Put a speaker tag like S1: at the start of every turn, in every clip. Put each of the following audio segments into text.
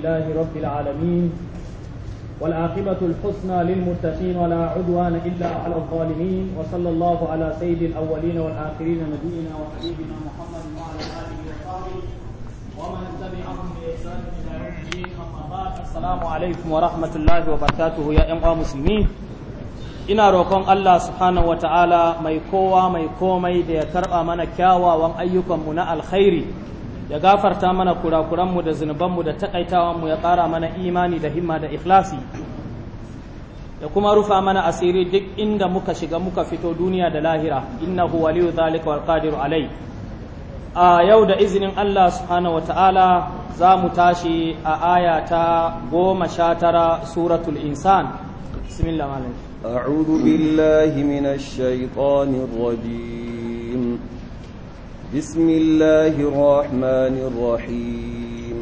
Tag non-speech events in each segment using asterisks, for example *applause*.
S1: لله رب العالمين والعاقبة الحسنى للمتقين ولا عدوان إلا على الظالمين وصلى الله على سيد الأولين والآخرين نبينا وحبيبنا محمد وعلى
S2: آله وصحبه ومن تبعهم بإحسان إلى يوم الدين أما بعد
S1: السلام عليكم ورحمة الله وبركاته يا أمة مسلمين ina roƙon Allah subhanahu wa ta'ala mai kowa mai komai da ya karɓa mana kyawawan ayyukanmu na alkhairi ya gafarta mana kurakuranmu da zunubanmu da takaitawanmu ya ƙara mana imani da himma da ikhlasi ya kuma rufa mana asiri duk inda muka shiga muka fito duniya da lahira innahu waliyu zalika wal qadiru alai a yau da izinin Allah subhanahu wata'ala za mu tashi a aya ta goma sha tara suratul insan bismillah malam
S3: أعوذ بالله من الشيطان بسم الله الرحمن الرحيم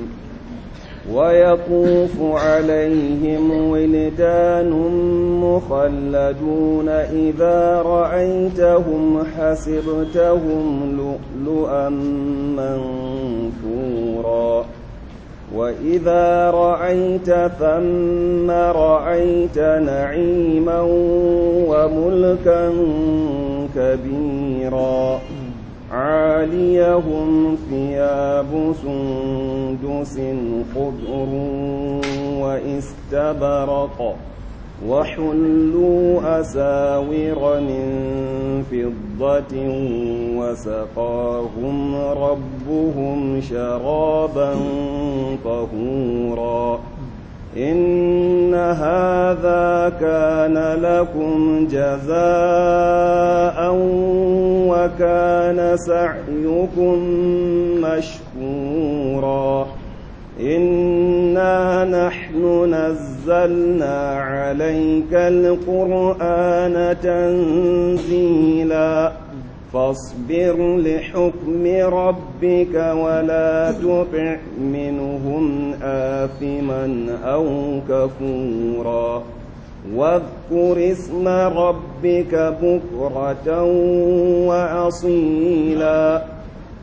S3: ويطوف عليهم ولدان مخلدون إذا رأيتهم حسبتهم لؤلؤا منثورا وإذا رأيت ثم رأيت نعيما وملكا كبيرا عاليهم ثياب سندس خضر واستبرق وحلوا أساور من فضة وسقاهم ربهم شرابا طهورا إن هذا كان لكم جزاء وكان سعيكم مشكورا إنا نحن نزلنا عليك القرآن تنزيلا فاصبر لحكم ربك ولا تطع منهم آثما أو كفورا واذكر اسم ربك بكرة وأصيلا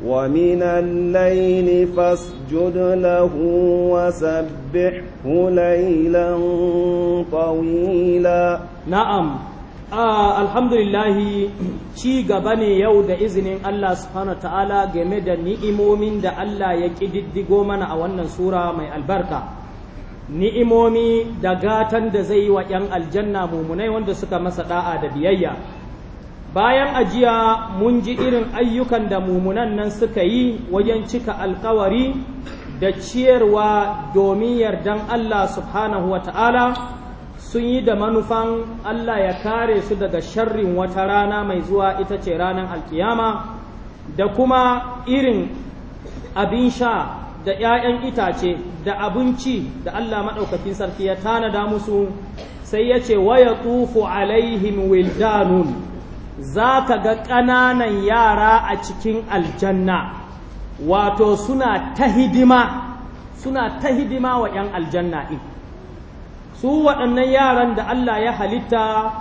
S3: ومن الليل فاسجد له وسبحه ليلا طويلا
S1: نعم Ah, alhamdulillahi ci gaba ne yau da izinin Allah subhanahu ta'ala game da ni'imomin da Allah ya ƙididdigo mana a wannan sura mai albarka ni'imomi da gatan da zai yi wa 'yan aljanna mumunai wanda suka masa ɗa'a da biyayya bayan ajiya mun ji irin ayyukan da mumunan nan suka yi wajen cika alkawari da ciyarwa domin yardan Allah subhanahu wa ta'ala sun yi da manufan Allah ya kare su daga sharrin wata rana mai zuwa ita ce ranar alkiyama da kuma irin abin sha da ‘ya'yan itace da abinci da Allah maɗaukakin sarki ya tanada musu sai ya ce waya tufu alaihim wildanun za ka ga ƙananan yara a cikin aljanna wato suna ta hidima wa ‘yan aljanna su waɗannan yaran da Allah ya halitta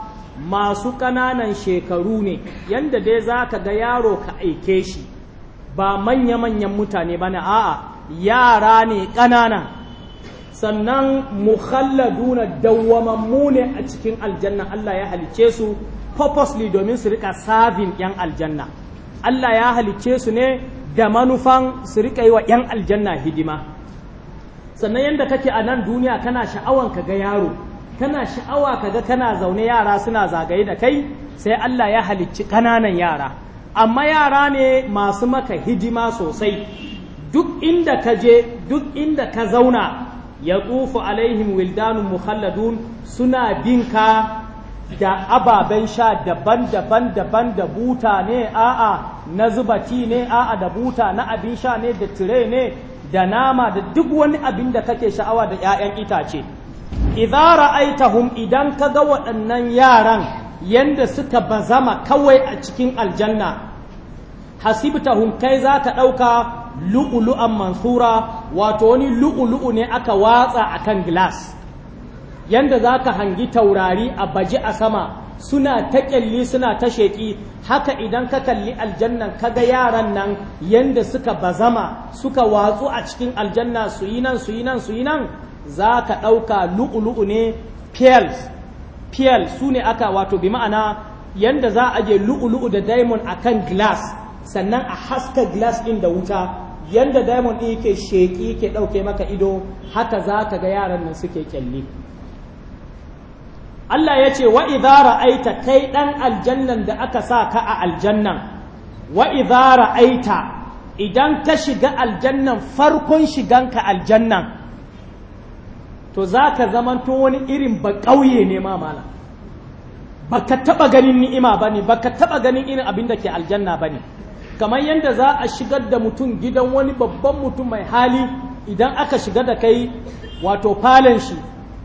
S1: masu ƙananan shekaru ne yanda dai za ka ga yaro ka aike shi ba manya-manyan mutane ba na a'a yara ne ƙanana sannan mukhalladuna dawwamammu ne a cikin aljanna Allah ya halice su purposely domin su rika savin 'yan aljanna Allah ya halice su ne da manufan su rika yi wa 'yan aljanna hidima sannan yadda kake a nan duniya kana sha'awan ka ga yaro kana sha'awa ka ga kana zaune yara suna zagaye da kai sai Allah ya halicci kananan yara amma yara ne masu maka hijima sosai duk inda ka je duk inda ka zauna ya ƙufu alaihim wildanun mukhalladun suna bin ka da ababen sha daban-daban daban da buta ne a'a na zubati ne a'a da buta na abin sha ne da tire ne da nama da duk wani abin da kake sha'awa da 'ya'yan itace idza ra'aitahum idan ka ga waɗannan yaran yanda suka bazama kawai a cikin aljanna hasibtahum kai ka ɗauka lu'ulu'an mansura wato wani lu'ulu'u ne aka watsa a akan glass yanda ka hangi taurari a baji a sama suna ta kyalli suna ta sheƙi haka idan ka kalli aljannan ga yaran nan yanda suka bazama suka watsu a cikin aljanna su yi nan su yi nan su yi nan za ka ɗauka lu'ulu'u ne pearls pearls su ne aka wato bi ma'ana yanda za a je lu'ulu'u da diamond akan glass sannan a haska glass ɗin da wuta yanda diamond ɗin yake sheƙi ke ɗauke maka ido haka za ka ga yaran nan suke kyalli Allah ya ce wa idara aita kai ɗan aljannan da aka sa ka a aljannan wa idara aita idan ka shiga aljannan farkon shiganka aljannan to za ka zamanto wani irin ba ƙauye ne ma mala ba ka taɓa ganin ni'ima ba ne ba ka taɓa ganin irin abin da ke aljanna ba ne kamar yadda za a shigar da mutum gidan wani babban mutum mai hali idan aka shiga da kai wato falon shi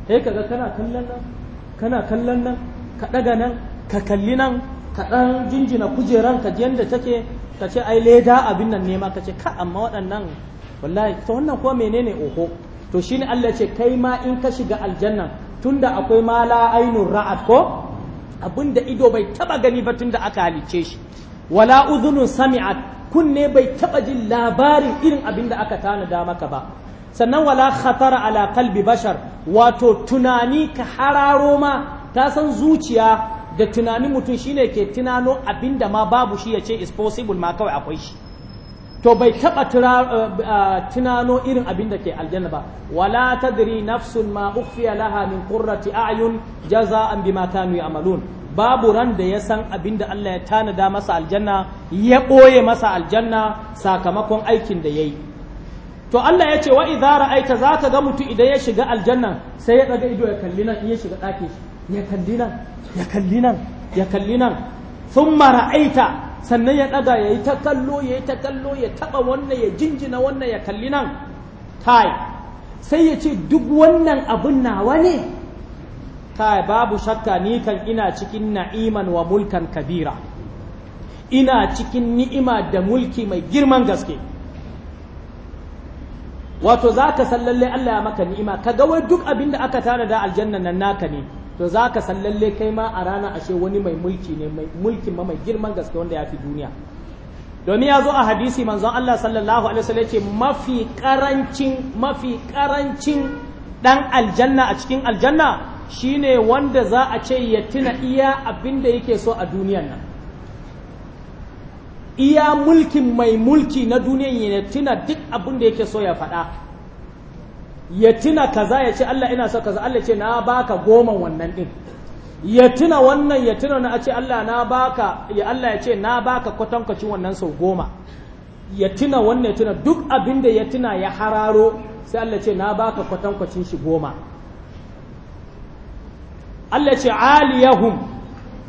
S1: sai ga kana kallon nan kana kallon nan ka ɗaga nan ka kalli nan ka ɗan jinjina kujeran ka yadda take ka ce ai leda abin nan ne ka ce ka amma waɗannan wallahi to wannan ko menene oho to shine Allah ce kai ma in ka shiga aljanna tunda akwai mala ainun ra'at ko abinda ido bai taba gani ba tunda aka halicce shi wala udhunun sami'at kunne bai taba jin labarin irin abinda aka tanada maka ba sannan wala khatara ala bashar wato tunani ka hararo ma ta san zuciya da tunanin mutum shine ke tunano abinda ma babu shi ya ce is possible ma kawai akwai shi to bai taba eh, ah, tunano irin abinda ke aljanna ba wala tadri nafsun ma ukhfiya laha min qurrati a'yun jaza'an bima kanu ya'malun babu ran da ya san abinda Allah ya tanada masa aljanna ya ɓoye masa aljanna sakamakon aikin da yayi to Allah ya ce wa idza ra'aita zaka ga mutu idan ya shiga aljanna sai ya daga ido ya kalli nan in ya shiga ya kalli nan ya kalli nan ya kalli nan thumma ra'aita sannan ya daga yayi ta kallo yayi ta kallo ya taba wannan ya jinjina wannan ya kalli nan kai sai ya ce duk wannan abun nawa ne kai babu shakka ni kan ina cikin na'iman wa mulkan kabira ina cikin ni'ima da mulki mai girman gaske wato za ka sallalle Allah ya maka ni'ima ka ga wai duk abin da aka tara da aljanna nan naka ne to za ka sallalle kai ma a rana ashe wani mai mulki ne mai mulkin ma mai girman gaske wanda ya fi duniya domin ya zo a hadisi manzon Allah sallallahu alaihi wasallam ce mafi karancin mafi karancin dan aljanna a cikin aljanna shine wanda za a ce ya tuna iya abin da yake so a duniyan nan iya mulkin mai mulki na duniyan ya tuna duk abin da yake so ya faɗa ya tuna kaza ya ce Allah ina so kaza Allah ce na baka goma wannan din ya tuna wannan ya tuna na a ce Allah na baka ya Allah ya ce na baka kwatankwacin wannan sau goma ya tuna wannan ya tuna duk abin da ya tuna ya hararo sai Allah ce na baka kwatankwacin shi goma Allah ce aliyahum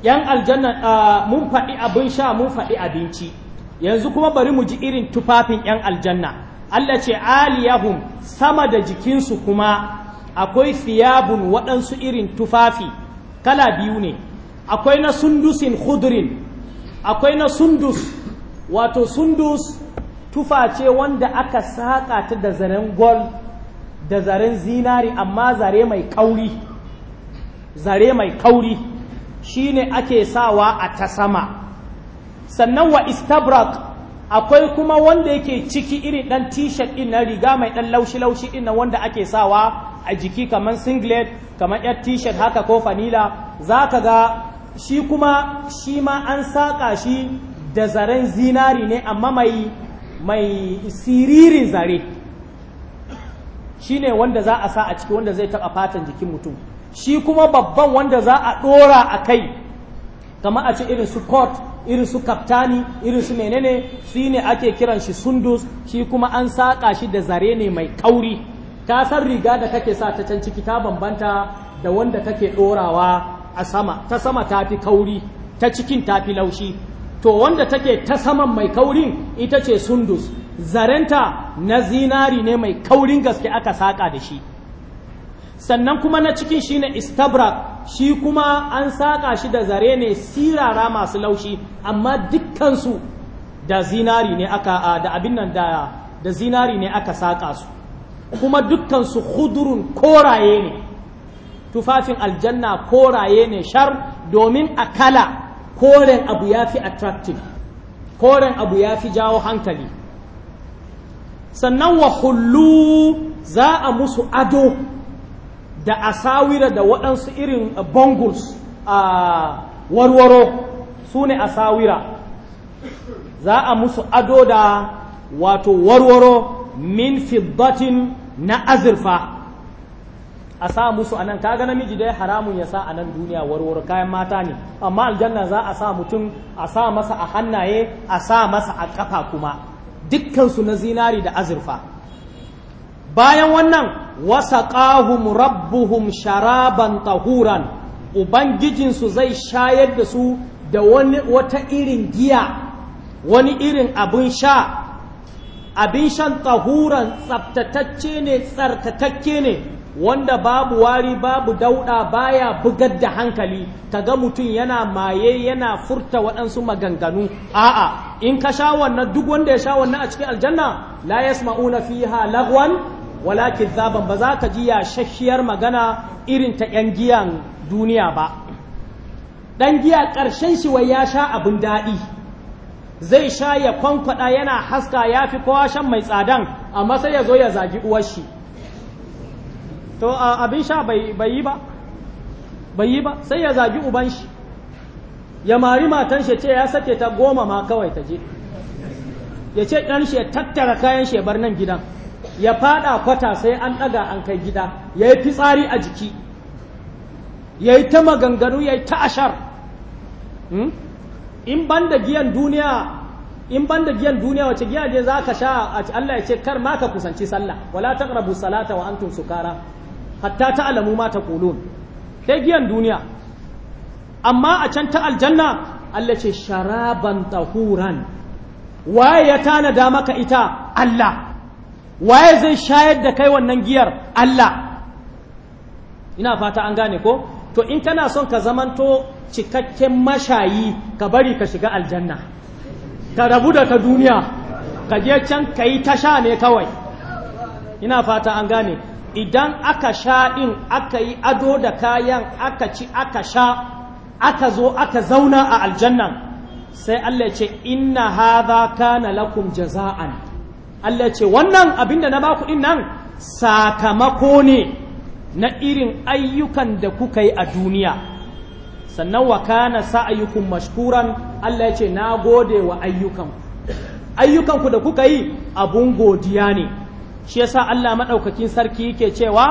S1: yan aljanna mun faɗi abin sha mun faɗi abinci yanzu kuma bari mu ji irin tufafin yan aljanna Allah ce aliyahum sama da jikinsu kuma akwai siyabun waɗansu irin tufafi kala biyu ne akwai na sundusin khudrin akwai na sundus wato sundus tuface wanda aka saƙa ta da zaren gol da zaren zinari amma zare mai kauri zare mai kauri shine ake sawa a ta sama sannan wa istabrak akwai kuma wanda yake ciki irin dan t-shirt din na riga mai dan laushi-laushi din nan wanda ake sawa a jiki kaman singlet kaman yar t-shirt haka ko fanila zaka ga shi kuma shi ma an saƙa shi da zaren zinari ne amma mai mai siririn zare shine wanda za a sa a ciki wanda zai taɓa fatan jikin mutum shi kuma babban wanda za a ɗora a kai kamar a ce irin su coat irin su kaftani irin su menene su ne ake kiran shi sundus shi kuma an saƙa shi da zare ne mai ƙauri ka san riga da kake sa ta can ciki ta bambanta da wanda kake ɗorawa a sama ta sama ta fi kauri ta cikin ta fi laushi to wanda take ta saman mai kaurin ita ce sundus zarenta na zinari ne mai kaurin gaske aka saƙa da shi sannan kuma na cikin shi ne istabrak shi kuma an saƙa shi da zare ne sirara masu laushi amma dukkansu da zinari ne aka da abin nan da da zinari ne aka saƙa su kuma dukkansu hudurun koraye ne tufafin aljanna koraye ne shar domin a kala koren abu ya fi attractive koren abu ya fi jawo hankali sannan wa hullu za a musu ado da asawira da waɗansu irin uh, bangles a warwaro su ne asawira za a musu ado da wato warwaro min fiddatin na azurfa a sa musu anan kaga namiji dai haramun ya sa anan duniya warwaro kayan mata ne amma aljanna za a sa mutum a sa masa a hannaye a sa masa a kafa kuma dukkansu na zinari da azurfa bayan wannan wasaqahum rabbuhum sharaban tahuran ubangijinsu zai shayar da su da wani wata irin giya wani irin abin sha abin shan tahuran tsabtatacce ne tsarkakakke ne wanda babu wari babu dauda baya bugar da hankali ta ga mutum yana maye yana furta waɗansu maganganu a'a in ka sha wannan duk wanda ya sha wannan a cikin aljanna la yasma'una fiha lagwan Walakin zaban ba za ka ji yashashiyar magana irin ta yan giyan duniya ba Ɗan giya ƙarshen shi wai ya sha abin daɗi zai sha ya kwankwada yana haska ya fi kowa shan mai tsadan amma sai ya zo ya zagi uwar shi to abin sha bai yi ba bai yi ba sai ya zagi uban shi ya mari matan shi ce ya sake ta goma ma kawai ta je ya ce ɗan shi ya tattara kayan shi ya bar nan gidan ya fada kwata sai an daga an kai gida ya yi fitsari a jiki ya yi ta maganganu ya yi ta ashar hmm? in ban da giyan duniya in ban da giyan duniya wace giya ne za ka sha Allah ya ce kar ma ka kusanci sallah wala taqrabu salata wa antum sukara hatta alamu ma ta taqulun sai giyan duniya amma a can ta aljanna Allah ce sharaban tahuran waye ya tanada maka ita Allah waye zai shayar da kai wannan giyar Allah ina fata an gane ko to in kana son ka zamanto cikakken mashayi ka bari ka shiga aljanna ka rabu da ta duniya ka je can ka yi tasha ne kawai ina fata an gane idan aka sha in aka yi ado da kayan aka ci aka sha aka zo aka zauna a aljannan sai Allah ce inna hadha kana lakum jaza'an Allah ce wannan abin da na baku din nan sakamako ne na irin ayyukan da kuka yi a duniya sannan wa kana sa'ayukum mashkuran Allah ya ce na gode wa ayyukanku ayyukanku da kuka yi abun godiya ne shi yasa Allah madaukakin sarki yake cewa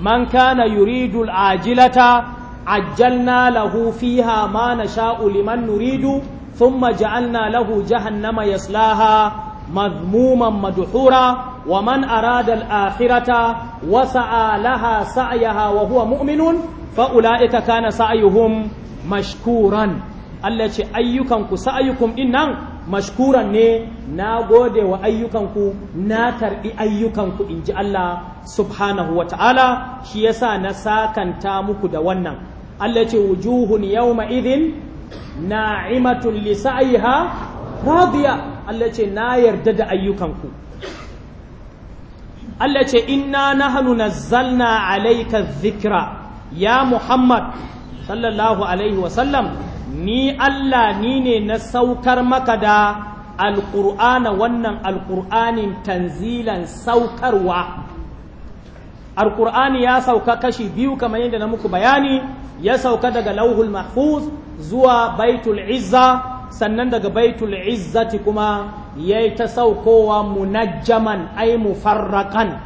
S1: man kana yuridul ajilata ajjalna lahu fiha ma nasha'u liman nuridu thumma ja'alna lahu jahannama yaslaha مذموما مدحورا ومن أراد الآخرة وسعى لها سعيها وهو مؤمن فأولئك كان سعيهم مشكورا التي أيكم سعيكم إن مشكورا ني ناغود وأيكم ناتر أيكم إن جاء الله سبحانه وتعالى شيسا نساكا تامك دونا التي وجوه يومئذ ناعمة لسعيها radiya Allah ce na yarda da ayyukanku Allah ce inna nahnu nazzalna alayka dhikra ya Muhammad sallallahu alaihi sallam ni Allah ni ne na saukar maka da alqur'ana wannan alqur'anin tanzilan saukarwa alqur'ani ya sauka kashi biyu kamar yadda na muku bayani ya sauka daga lauhul mahfuz zuwa baitul izza sannan daga baitul izzati kuma ya yi ta saukowa munajjaman ai mufarrakan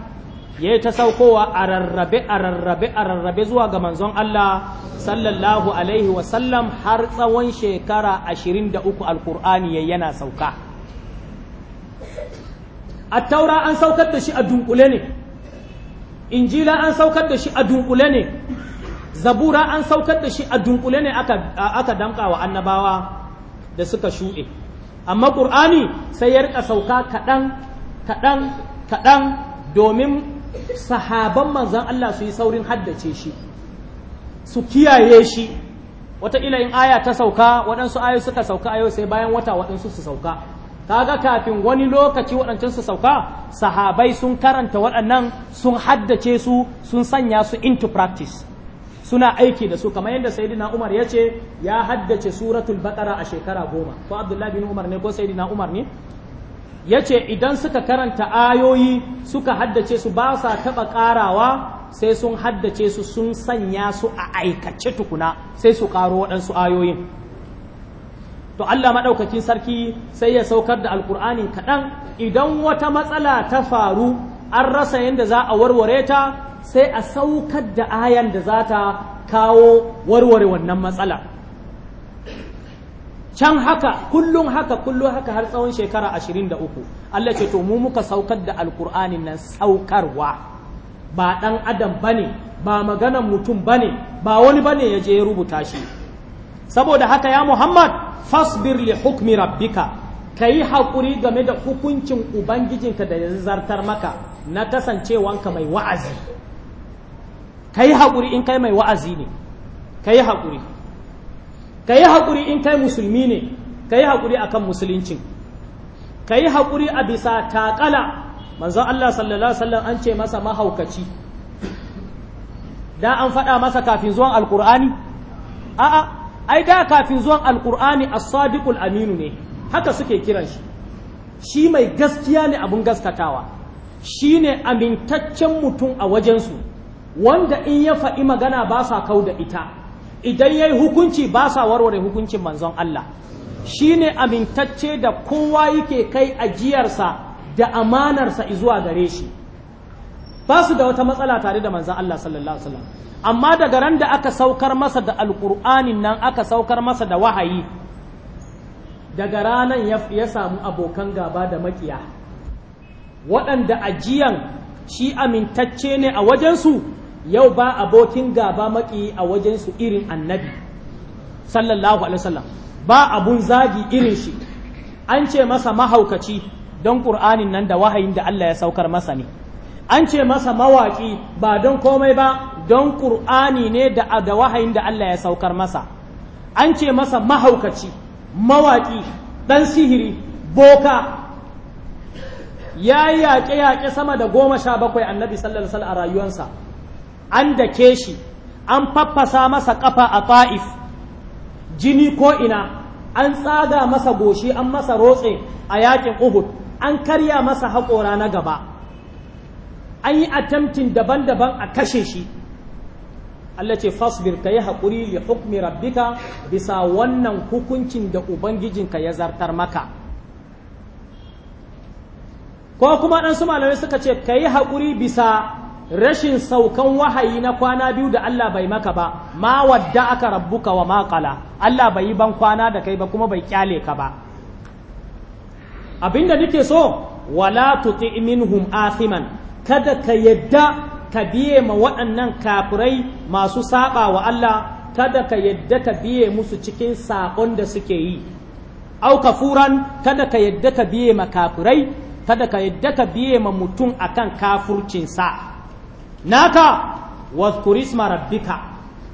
S1: ya yi ta saukowa a rarrabe a rarrabe a rarrabe zuwa ga manzon Allah sallallahu alaihi wasallam har tsawon shekara ashirin da uku alkur'ani ya yana sauka a taura an saukar da shi a dunkule ne injila an saukar da shi a dunkule ne zabura an saukar da shi a dunkule ne aka damka wa annabawa da suka shuɗe amma ƙur'ani sai ya rika sauka kaɗan kaɗan kaɗan domin sahaban manzan Allah su yi saurin haddace shi su kiyaye shi wataƙila in aya ta sauka waɗansu ayo suka sauka ayo sai bayan wata waɗansu su sauka kaga kafin wani lokaci waɗancan su sauka sahabai sun karanta waɗannan sun haddace su sun sanya su into practice suna aiki da su kamar yadda sayyidina Umar ya ce ya haddace suratul baqara a shekara goma ko Abdullahi bin Umar ne ko sayyidina Umar ne ya ce idan suka karanta ayoyi suka haddace su ba sa taɓa ƙarawa sai sun haddace su sun sanya su a aikace tukuna sai su ƙaro waɗansu ayoyin to Allah maɗaukakin sarki sai ya saukar da alkur'ani kaɗan idan wata matsala ta faru an rasa yadda za a warware ta sai a saukar da ayan da za ta kawo warware wannan matsala can haka kullum haka kullum haka har tsawon shekara ashirin da uku Allah ce to mu muka saukar da alkur'anin na saukarwa ba ɗan adam bane, ba maganan mutum bane, ba wani bane ne ya je rubuta shi saboda haka ya muhammad fasbir li hukmi rabbika ka yi haƙuri game da hukuncin ubangijinka da ya zartar maka na kasancewanka mai wa'azi ka yi haƙuri in kai mai wa'azi ne ka yi haƙuri ka yi haƙuri in kai musulmi ne ka yi haƙuri a kan musuluncin ka yi haƙuri a bisa taƙala manzon Allah sallallahu Alaihi an ce masa mahaukaci da an faɗa masa kafin zuwan alƙur'ani a'a ai da kafin zuwan alƙur'ani as-sadiqul aminu ne haka suke kiran shi shi mai gaskiya ne abun gaskatawa shi ne amintaccen mutum a wajensu wanda in ya faɗi magana ba sa kau da ita idan ya hukunci ba sa warware hukuncin manzon Allah shi ne amintacce da kowa yake kai ajiyarsa da amanarsa zuwa gare shi ba su da wata matsala tare da manzon Allah sallallahu Alaihi wasallam amma daga ran da aka saukar masa da alkur'anin nan aka saukar masa da wahayi daga ranan ya samu abokan gaba da makiya waɗanda ajiyan shi amintacce ne a wajensu yau ba abokin gaba maki a wajensu irin annabi sallallahu alaihi wasallam ba abun zagi irin shi an ce masa mahaukaci don ƙur'anin nan da wahayin da Allah ya saukar masa ne an ce masa mawaƙi ba don komai ba don ƙur'ani ne da wahayin da Allah ya saukar masa an ce masa mahaukaci mawaƙi ɗan sihiri boka ya yi yaƙe-yaƙe sama da goma sha bakwai annabi sallallahu alaihi a rayuwansa an da ke shi an faffasa masa ƙafa a ta'if jini ko'ina an tsaga masa goshi an masa rotse a yaƙin uhud an karya masa haƙora na gaba an yi attempting daban-daban a kashe shi Allah ce fasbir ka yi haƙuri li hukmi rabbika bisa wannan hukuncin da ubangijinka ya zartar maka ko kuma dan su malamai suka ce ka yi haƙuri bisa rashin saukan wahayi na kwana biyu da Allah bai maka ba ma wadda aka rabbuka wa ma qala Allah bai ban kwana da kai ba kuma bai kyale ka ba abinda nake so wala tuti minhum asiman kada ka yadda ka biye ma waɗannan kafirai masu saɓa wa Allah kada ka yadda ka biye musu cikin saƙon da suke yi au kafuran kada ka yadda ka biye ma kafirai kada ka yadda ka biye ma mutum akan kafurcinsa naka wazkurisma rabbika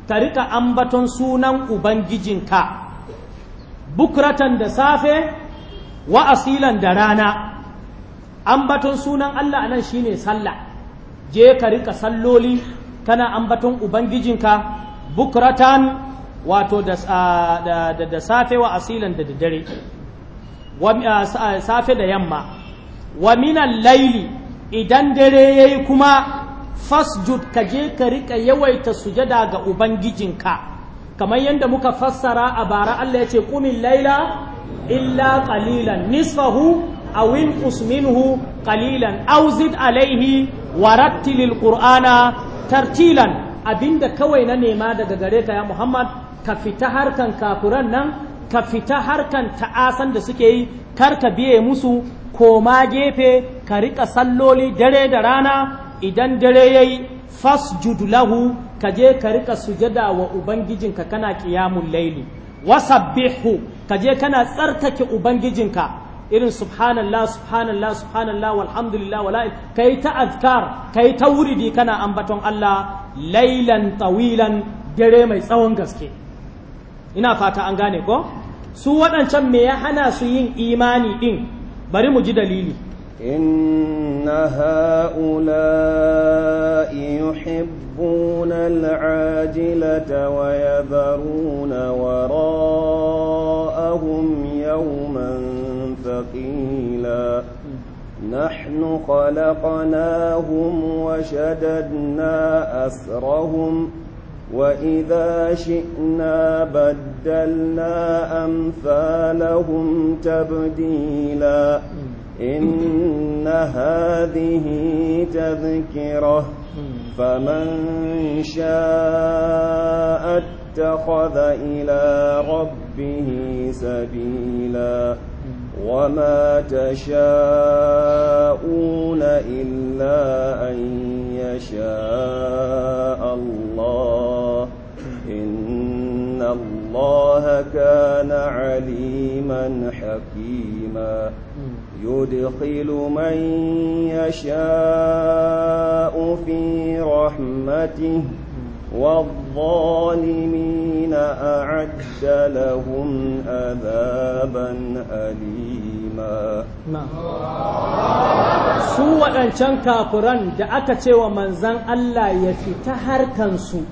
S1: ka rika ambaton sunan ubangijinka bukratan da safe wa asilan da rana ambaton sunan Allah nan shine sallah je ka rika salloli kana ambaton ubangijinka bukratan wato da safe wa asilan da dare safe da yamma wa minan laili idan dare ya yi kuma fasjud ka je ka rika yawaita sujada ga ubangijinka kamar yadda muka fassara a bara Allah ya ce kumin laila illa qalilan nisfahu awin usminhu qalilan auzid alaihi warattilil qur'ana tartilan abinda kawai na nema daga gare ka ya muhammad ka fita harkan kafuran nan ka fita harkan ta'asan da suke yi kar ka biye musu koma gefe ka riƙa salloli dare da rana idan dare yayi fasjud lahu ka je ka riƙa sujada wa ubangijinka kana qiyamul laili wasabbihu ka je kana tsarkake ubangijinka irin subhanallah subhanallah subhanallah walhamdulillah wala kai ta azkar kai ta wuridi kana ambaton Allah lailan tawilan dare mai tsawon gaske ina fata an gane ko su waɗancan me ya hana su yin imani din bari mu ji dalili
S3: إن هؤلاء يحبون العاجلة ويذرون وراءهم يوم ثقيلا نحن خلقناهم وشددنا أسرهم وإذا شئنا بدلنا أمثالهم تبديلا إن هذه تذكرة فمن شاء اتخذ إلى ربه سبيلا وما تشاءون إلا أن يشاء الله إن الله كان عليما حكيما يدخل من يشاء في رحمته والظالمين أعد لهم
S1: عذابا
S3: أليما
S1: su waɗancan kafiran da aka ce wa manzan Allah ya fita harkansu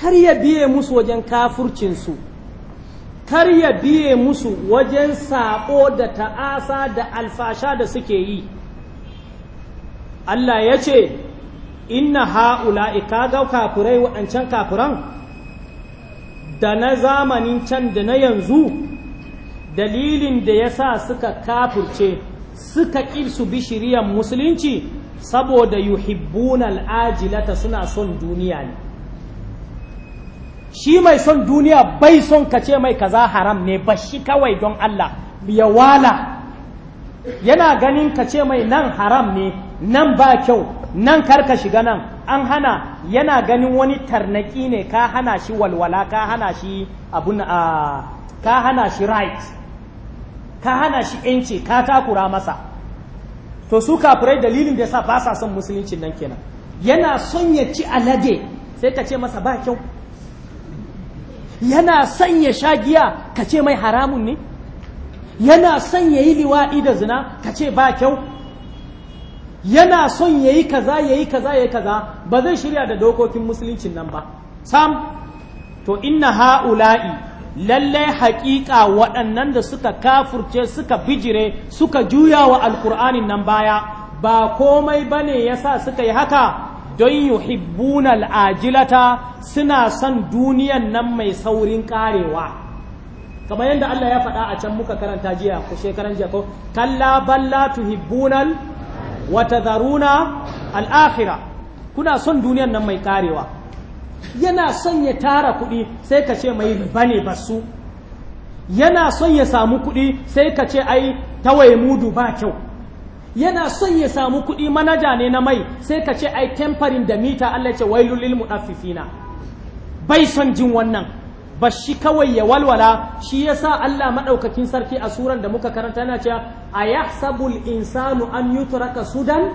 S1: kar ya biye musu wajen kafurcinsu kar ya biye musu wajen saƙo da ta'asa da alfasha da suke yi Allah ya ce inna ha'ula'i ga kafurai waɗancan kafuran da na zamanin can da na yanzu dalilin da ya sa suka kafurce suka ƙirsu shiriyar musulunci saboda yuhibbun al'ajilata suna son duniya ne shi mai son duniya bai son kace mai kaza haram ne ba shi kawai don Allah ya wala yana ganin kace mai nan haram ne nan ba kyau nan karka shiga nan an hana yana ganin wani tarnaki ne ka hana shi walwala ka hana shi abun a ka hana shi right ka hana shi yanci ka takura masa to su kafirai dalilin da yasa ba sa son musuluncin nan kenan yana son ya ci alade sai ka ce masa ba kyau yana son ya sha giya ka ce mai haramun ne yana son ya yi liwaɗi da zina ka ce ba kyau yana son ya yi kaza ya yi kaza ya yi kaza ba zai shirya da dokokin musuluncin nan ba sam to inna ha'ula'i lallai haƙiƙa waɗannan da suka kafurce suka bijire suka juya wa alkur'anin nan baya ba komai ba ne ya sa suka yi haka don yuhibbuna al'ajilata suna son duniyan nan mai saurin ƙarewa. kamar yadda Allah ya faɗa a can muka karanta jiya ko shekaran jiya ko kalla balla tuhibbunal wata zaruna al'akhira kuna son duniyan nan mai karewa yana son ya tara kuɗi sai ka ce mai bane su. yana son ya samu kuɗi sai ka ce ai tawaye mudu ba kyau yana son ya samu kuɗi manaja ne na mai sai ka ce ai temperin da mita Allah ce mu ɗafifina bai son jin wannan ba shi kawai ya walwala shi yasa Allah maɗaukakin sarki a suran da muka karanta yana cewa ayahsabul insanu an yutraka sudan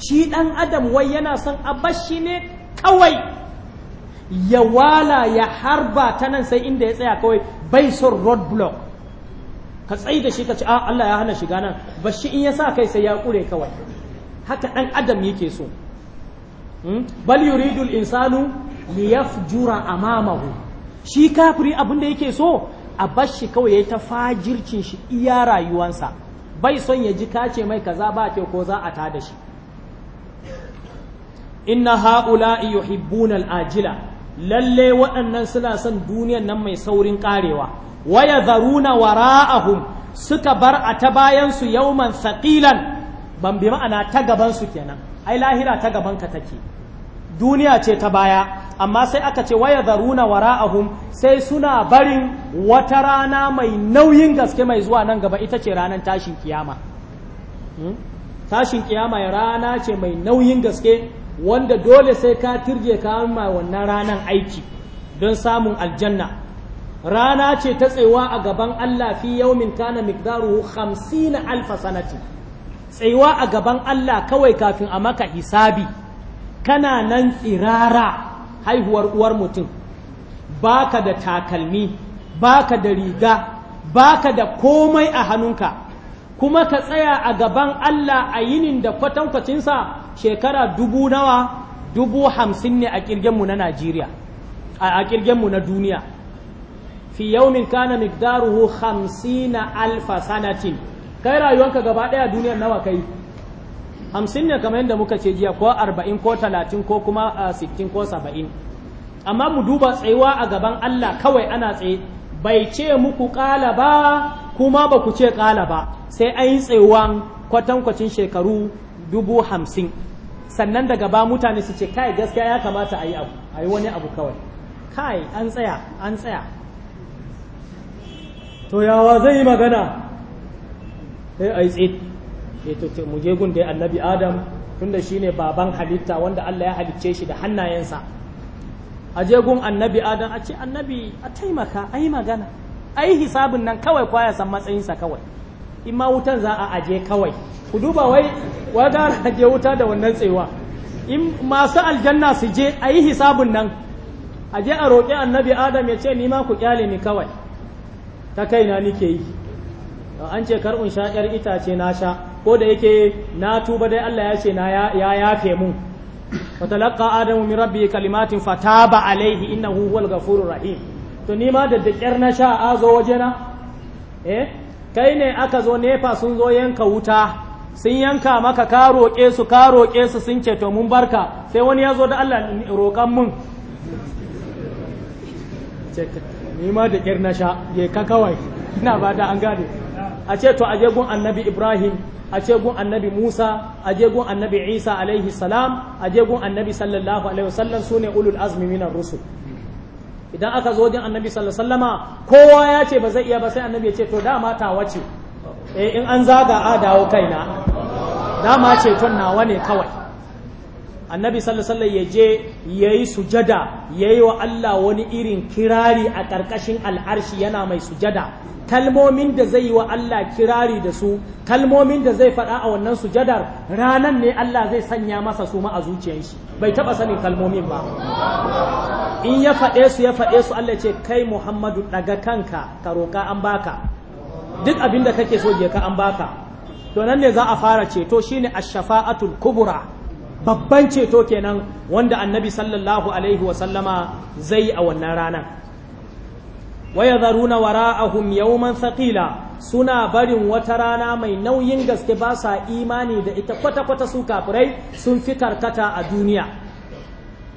S1: shi ɗan adam wai yana son a bashi ne kawai ya wala ya harba ta nan sai inda ya tsaya kawai bai son road block ka tsayi da shi ka ce a ah, Allah ya hana shiga nan ba shi in ya sa kai sai ya kure kawai haka ɗan adam yake so hmm? bal yuridul insanu liyafjura amamahu shi kafiri abin da yake so a bar shi kawai ya ta fajircin shi iya rayuwansa bai son ya ji kace mai kaza ba ke ko za a tada shi inna ha'ula yuhibbuna ajila lalle waɗannan suna son duniyan nan mai saurin karewa waya zaruna wara'ahum suka bar a ta bayan su yawman saqilan ban bi ma'ana ta gaban su kenan ai lahira ta gaban ka take duniya ce ta baya amma sai aka ce waya zaruna wara'ahum sai suna barin wata rana mai nauyin gaske mai zuwa nan gaba ita ce ranar tashin kiyama hmm? tashin kiyama ya rana ce mai nauyin gaske wanda dole sai ka turje ka ma wannan ranar aiki don samun aljanna rana ce ta tsewa a gaban Allah fi yaumin kana mikdaru hamsin alf sanati tsayuwa a gaban Allah kawai kafin a maka hisabi kana nan tsirara haihuwar uwar mutum ba ka da takalmi ba ka da riga ba ka da komai a hannunka kuma ka tsaya a gaban Allah a yinin da kwatankwacinsa shekara dubu nawa dubu hamsin ne a kirgenmu na Najeriya a kirgenmu na duniya fi yaumin kana hamsin na alfa sanatin kai rayuwanka gaba daya duniyar nawa kai hamsin ne kamar yadda muka ce jiya ko arba'in ko talatin ko kuma ah, sittin ko saba'in amma mu duba tsayuwa a gaban Allah kawai ana tsaye bai ce muku ƙala ba kuma ba ku ce ƙala ba sai an yi tsayuwan kwatankwacin shekaru dubu hamsin sannan daga ba mutane su ce kai gaskiya ya kamata a yi abu a yi wani abu kawai kai an tsaya an tsaya to yawa zai yi magana sai a yi tsaye to mu je gun annabi adam tunda shine baban halitta wanda Allah ya halicce shi da hannayensa a je gun annabi adam a ce annabi a taimaka a yi magana a yi hisabin nan kawai kwaya san matsayinsa kawai in ma wutan za a aje kawai ku duba wai wai gara wuta da wannan tsewa in masu aljanna su je a yi hisabin nan a je a roƙi annabi adam ya ce ni ma ku kyale ni kawai ta kaina nike yi an ce kar in sha itace na sha ko da yake na tuba dai Allah ya ce na ya yafe mun wa talaqa adamu min rabbi kalimatin fataba alaihi innahu huwal ghafurur rahim to ni ma da dakyar na sha a azo wajena eh kai ne aka zo nefa sun zo yanka wuta sun yanka maka ka roƙe su ka roƙe su sun ce to mun barka sai wani ya zo da Allah roƙan mun ni ma da ƙir na sha ya ka kawai ina ba da an gade a ce to je gun annabi Ibrahim a cegun gun annabi Musa a je gun annabi Isa alaihi salam a je gun annabi sallallahu alaihi wasallam sune ulul azmi minar rusu. idan aka zo wajen annabi sallallahu kowa ya ce ba zai iya ba sai annabi ya ce to dama ta wace. eh in an zaga a dawo kaina dama ceton nawa ne kawai annabi sallallahu ya je ya yi sujada ya yi wa Allah wani irin kirari a ƙarƙashin al'arshi yana mai sujada kalmomin da zai yi wa Allah kirari da su kalmomin da zai faɗa a wannan sujadar ranan ne Allah zai sanya masa su ma a zuciyar shi bai taɓa sanin kalmomin ba in ya faɗe su ya faɗe su Allah ce kai Muhammadu daga kanka ka roƙa an baka duk abin da kake so je ka an baka to nan ne za a fara ceto shine ash-shafa'atul kubra babban ceto kenan wanda annabi sallallahu alaihi wasallama zai a wannan ranar waya zaruna wara'ahum yawman thaqila suna barin wata rana mai nauyin gaske ba sa imani da ita kwata-kwata su kafirai sun fi karkata a duniya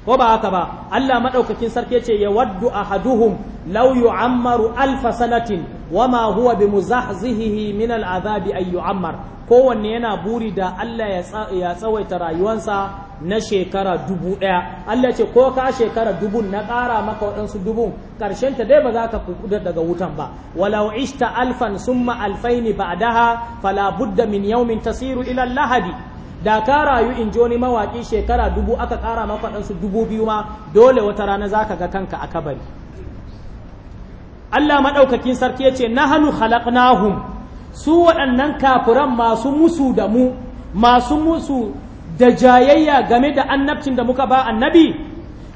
S1: ko ba haka ba Allah madaukakin sarki ce ya waddu ahaduhum law yu'ammaru alf sanatin wama huwa muzahzihihi min al'azabi ay yu'ammar kowanne yana buri da Allah ya tsawaita rayuwansa na shekara dubu ɗaya Allah ce ko ka shekara dubu na ƙara maka waɗansu dubu. ƙarshen ta dai ba za ka kuɗa daga wutan ba walau ishta alfan summa alfaini ba'daha fala budda min yawmin tasiru ila lahadi da ka rayu in ji mawaƙi shekara dubu aka ƙara maka su dubu biyu ma dole wata rana za ka ga kanka a kabari Allah maɗaukakin sarki ya ce na hannu su waɗannan kafiran masu musu da mu masu musu da jayayya game da annabcin da muka ba annabi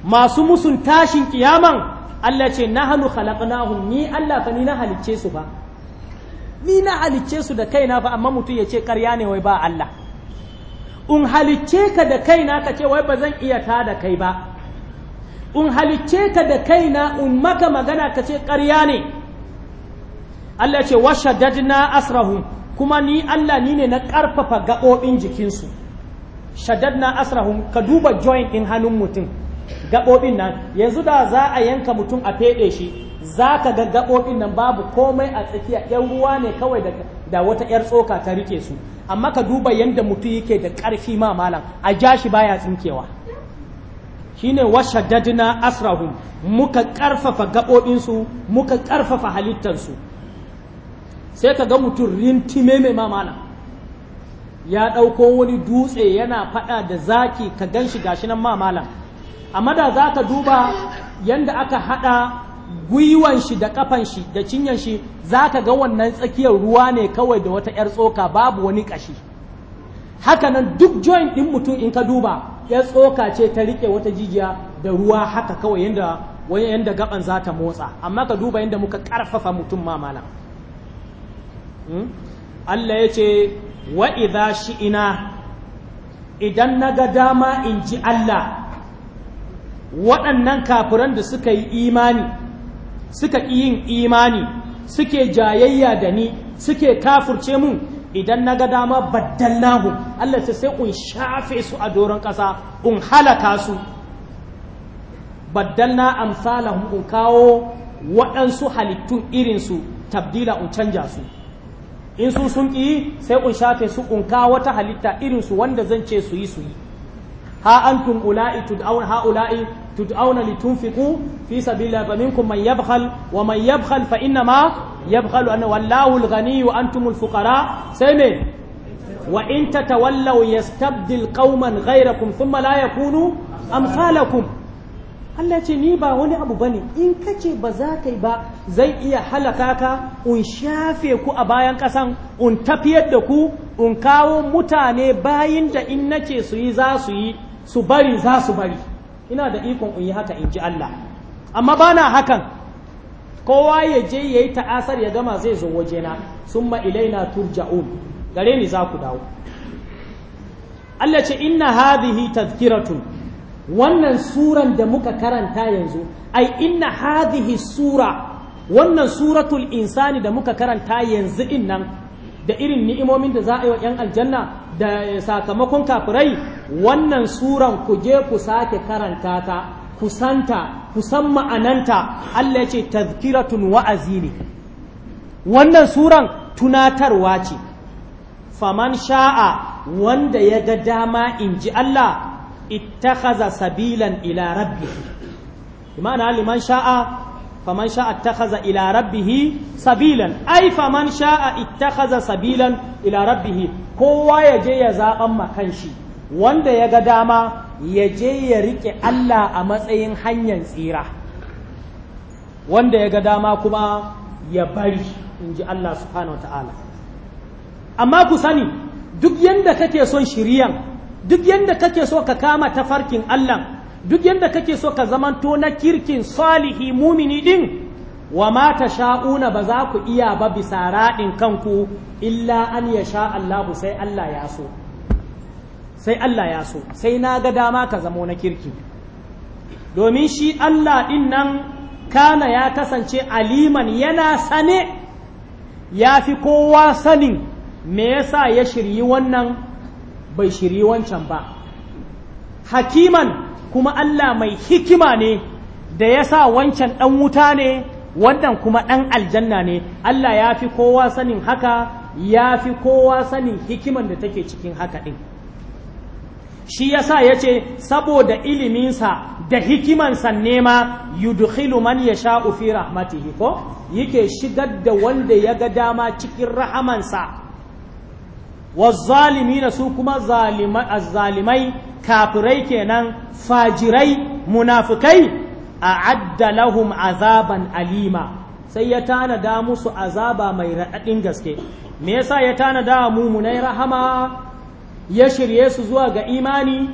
S1: masu musun tashin kiyaman Allah ce na hannu ni Allah fa ni na halicce su ba ni na halicce su da kaina ba amma mutum ya ce ƙarya ne wai ba Allah in halicce ka da kaina ka ce wai ba zan iya ta da kai ba in halicce ka da kaina in maka magana ka ce ƙarya ne Allah ce washa na asrahun kuma ni Allah ni ne na ƙarfafa gaɓoɓin jikinsu na asrahun ka duba joint in hannun mutum gaɓoɓin nan yanzu da za a yanka mutum a feɗe shi za ka ga gaɓoɓin nan babu komai a tsakiya yan ruwa ne kawai daga da wata 'yar tsoka ta rike su amma ka duba yadda mutum yake da ƙarfi ma malam a ja shi baya tsinkewa shine washaddadna asrahum muka ƙarfafa gaɓoɓinsu muka ƙarfafa halittarsu sai ka ga mutum rintime mai ma malam ya ɗauko wani dutse yana faɗa da zaki ka gan shi gashi nan ma malam amma da za ka duba yadda aka haɗa gwiwan shi da kafan shi da cinyan shi zaka ga wannan tsakiyar ruwa ne kawai da wata yar tsoka babu wani kashi nan duk joint din mutum in ka duba yar tsoka ce ta rike wata jijiya da ruwa haka kawai yanda wani yanda gaban za ta motsa amma ka duba yanda muka karfafa mutum ma malam hmm? Allah ya ce wa idha shi'ina idan na ga dama in ji Allah waɗannan kafiran da suka yi imani suka yin imani suke jayayya da ni suke kafurce mun idan na ga dama baddallahu Allah sai sai un shafe su a doron ƙasa un halaka su baddalna amsalahum un kawo waɗansu halittun irinsu tabdila un canja su in su sun ƙi sai un shafe su un kawo wata halitta irinsu wanda zan ce su yi su yi ha antum ula'i tud'aun ha ula'i tud'auna litunfiqu fi sabilillahi faminkum man yabkhal wa man yabkhal fa inna ma yabkhalu anna wallahu al-ghani wa antum al-fuqara sayme wa in tatawallaw yastabdil qauman ghayrakum thumma la yakunu Allah ce ni ba wani abu bane in kace ba yi ba zai iya halaka ka un shafe ku a bayan ƙasan un tafiyar da ku un kawo mutane bayin da in nace su yi za su yi su bari za su bari ina da ikon in yi haka in ji Allah amma bana hakan kowa ya je ya yi ta'asar ya gama zai zo wajena sun ilaina turja'un gare ni za ku dawo Allah ce inna hadhihi tazkiratun wannan suran da muka karanta yanzu ai inna hadhihi sura wannan suratul insani da muka karanta yanzu innan da irin ni'imomin da za a yi wa 'yan aljanna da sakamakon kafirai wannan suran ku je ku sake karanta ta ku san ma'ananta Allah ya ce tazkiratun wa'azi ne wannan suran tunatarwa ce faman sha'a wanda ya ga dama in ji Allah ittakhaza sabilan ila rabbi imana liman sha'a faman sha'a ittakhadha ila rabbih sabilan ai sha'a ittakhadha sabilan ila rabbih kowa yaje ya zaban ma kanshi wanda ya ga dama ya je ya rike Allah a matsayin hanyar tsira wanda ya ga dama kuma ya bari in ji Allah subhanahu ta'ala amma ku sani duk yanda kake son shiriyan duk yadda kake so ka kama tafarkin Allah duk yadda kake so ka zamanto na kirkin salihi mumini din wa mata sha'una ba za ku iya ba bisa raɗin kanku illa an ya sha Allahu sai Allah ya so sai Allah ya so sai na ga dama ka zamo na kirki domin shi Allah ɗin nan kana ya kasance aliman yana sane ya fi kowa sanin me yasa ya shiryi wannan bai shiryi wancan ba hakiman kuma Allah mai hikima ne da ya sa wancan ɗan wuta ne wannan kuma ɗan aljanna ne Allah ya fi kowa sanin haka ya fi kowa sanin hikiman da take cikin haka ɗin shi ya sa ya ce saboda iliminsa da hikimansa nema yudkhilu man ya sha'u fi rahmatihi ko yake shigar da wanda ya ga dama cikin rahamansa والظالمين سوكما ظالم الظالمي كافري كنان فاجري منافقي أعد لهم azaban alima. sai ya tanada musu azaba mai raɗaɗin gaske me yasa ya tanada mumunai rahama ya shirye su zuwa ga imani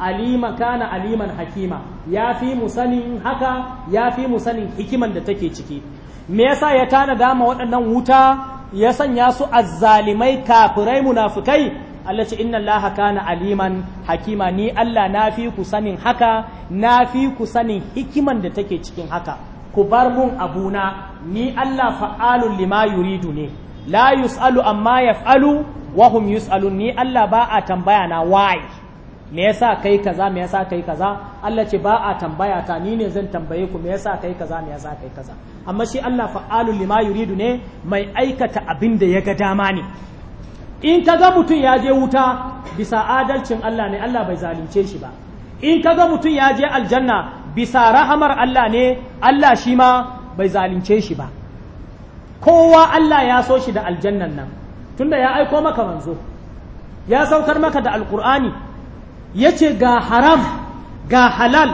S1: alima kana aliman hakima ya fi musanin haka ya fi musanin hikiman da take ciki me yasa ya tanada ma waɗannan wuta ya sanya su azzalimai kafirai munafikai Allah ce inna Allah kana aliman hakima ni Allah na fi ku sanin haka na fi ku sanin hikiman da take cikin haka ku bar mun abuna ni Allah fa'alun lima yuridu ne la yus'alu amma yaf'alu wa hum yus'alun ni Allah ba a tambaya na why me yasa kai kaza me yasa kai kaza Allah ce ba a tambaya ta ni ne zan tambaye ku me yasa kai kaza me yasa kai kaza amma shi Allah fa'alul lima yuridu ne mai aikata abin da ya ga dama ne in kaga mutum ya je wuta bisa adalcin Allah ne Allah bai zalunce shi ba in kaga mutum ya je aljanna bisa rahamar Allah ne Allah shi ma bai zalunce shi ba kowa Allah ya so shi da aljannan nan tunda ya aiko maka manzo ya saukar maka da alkur'ani ya ce ga haram ga halal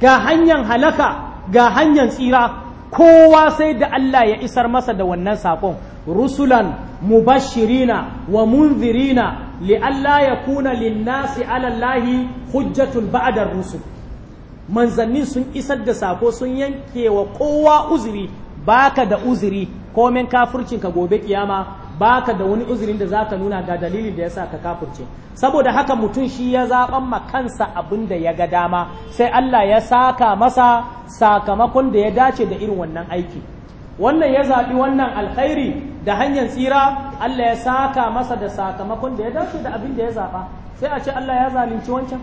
S1: ga hanyar halaka ga hanyar tsira kowa sai da Allah ya isar masa da wannan saƙon rusulan mubashirina wa munzirina li'alla ya kuna linnasi alallahi hujjatul ba'adar rusul manzannin sun isar da sako sun yanke wa kowa uzuri baka da uzuri komen kafircinka gobe kiyama baka da wani uzurin da za ka nuna ga dalilin da ya sa ka kafurce saboda haka mutum shi ya zaban ma kansa abin da ya ga dama sai Allah ya saka masa sakamakon da ya dace da irin wannan aiki wannan ya zaɓi wannan alkhairi da hanyar tsira Allah ya saka masa da sakamakon da ya dace da abin da ya zaɓa sai a ce Allah ya zalunci wancan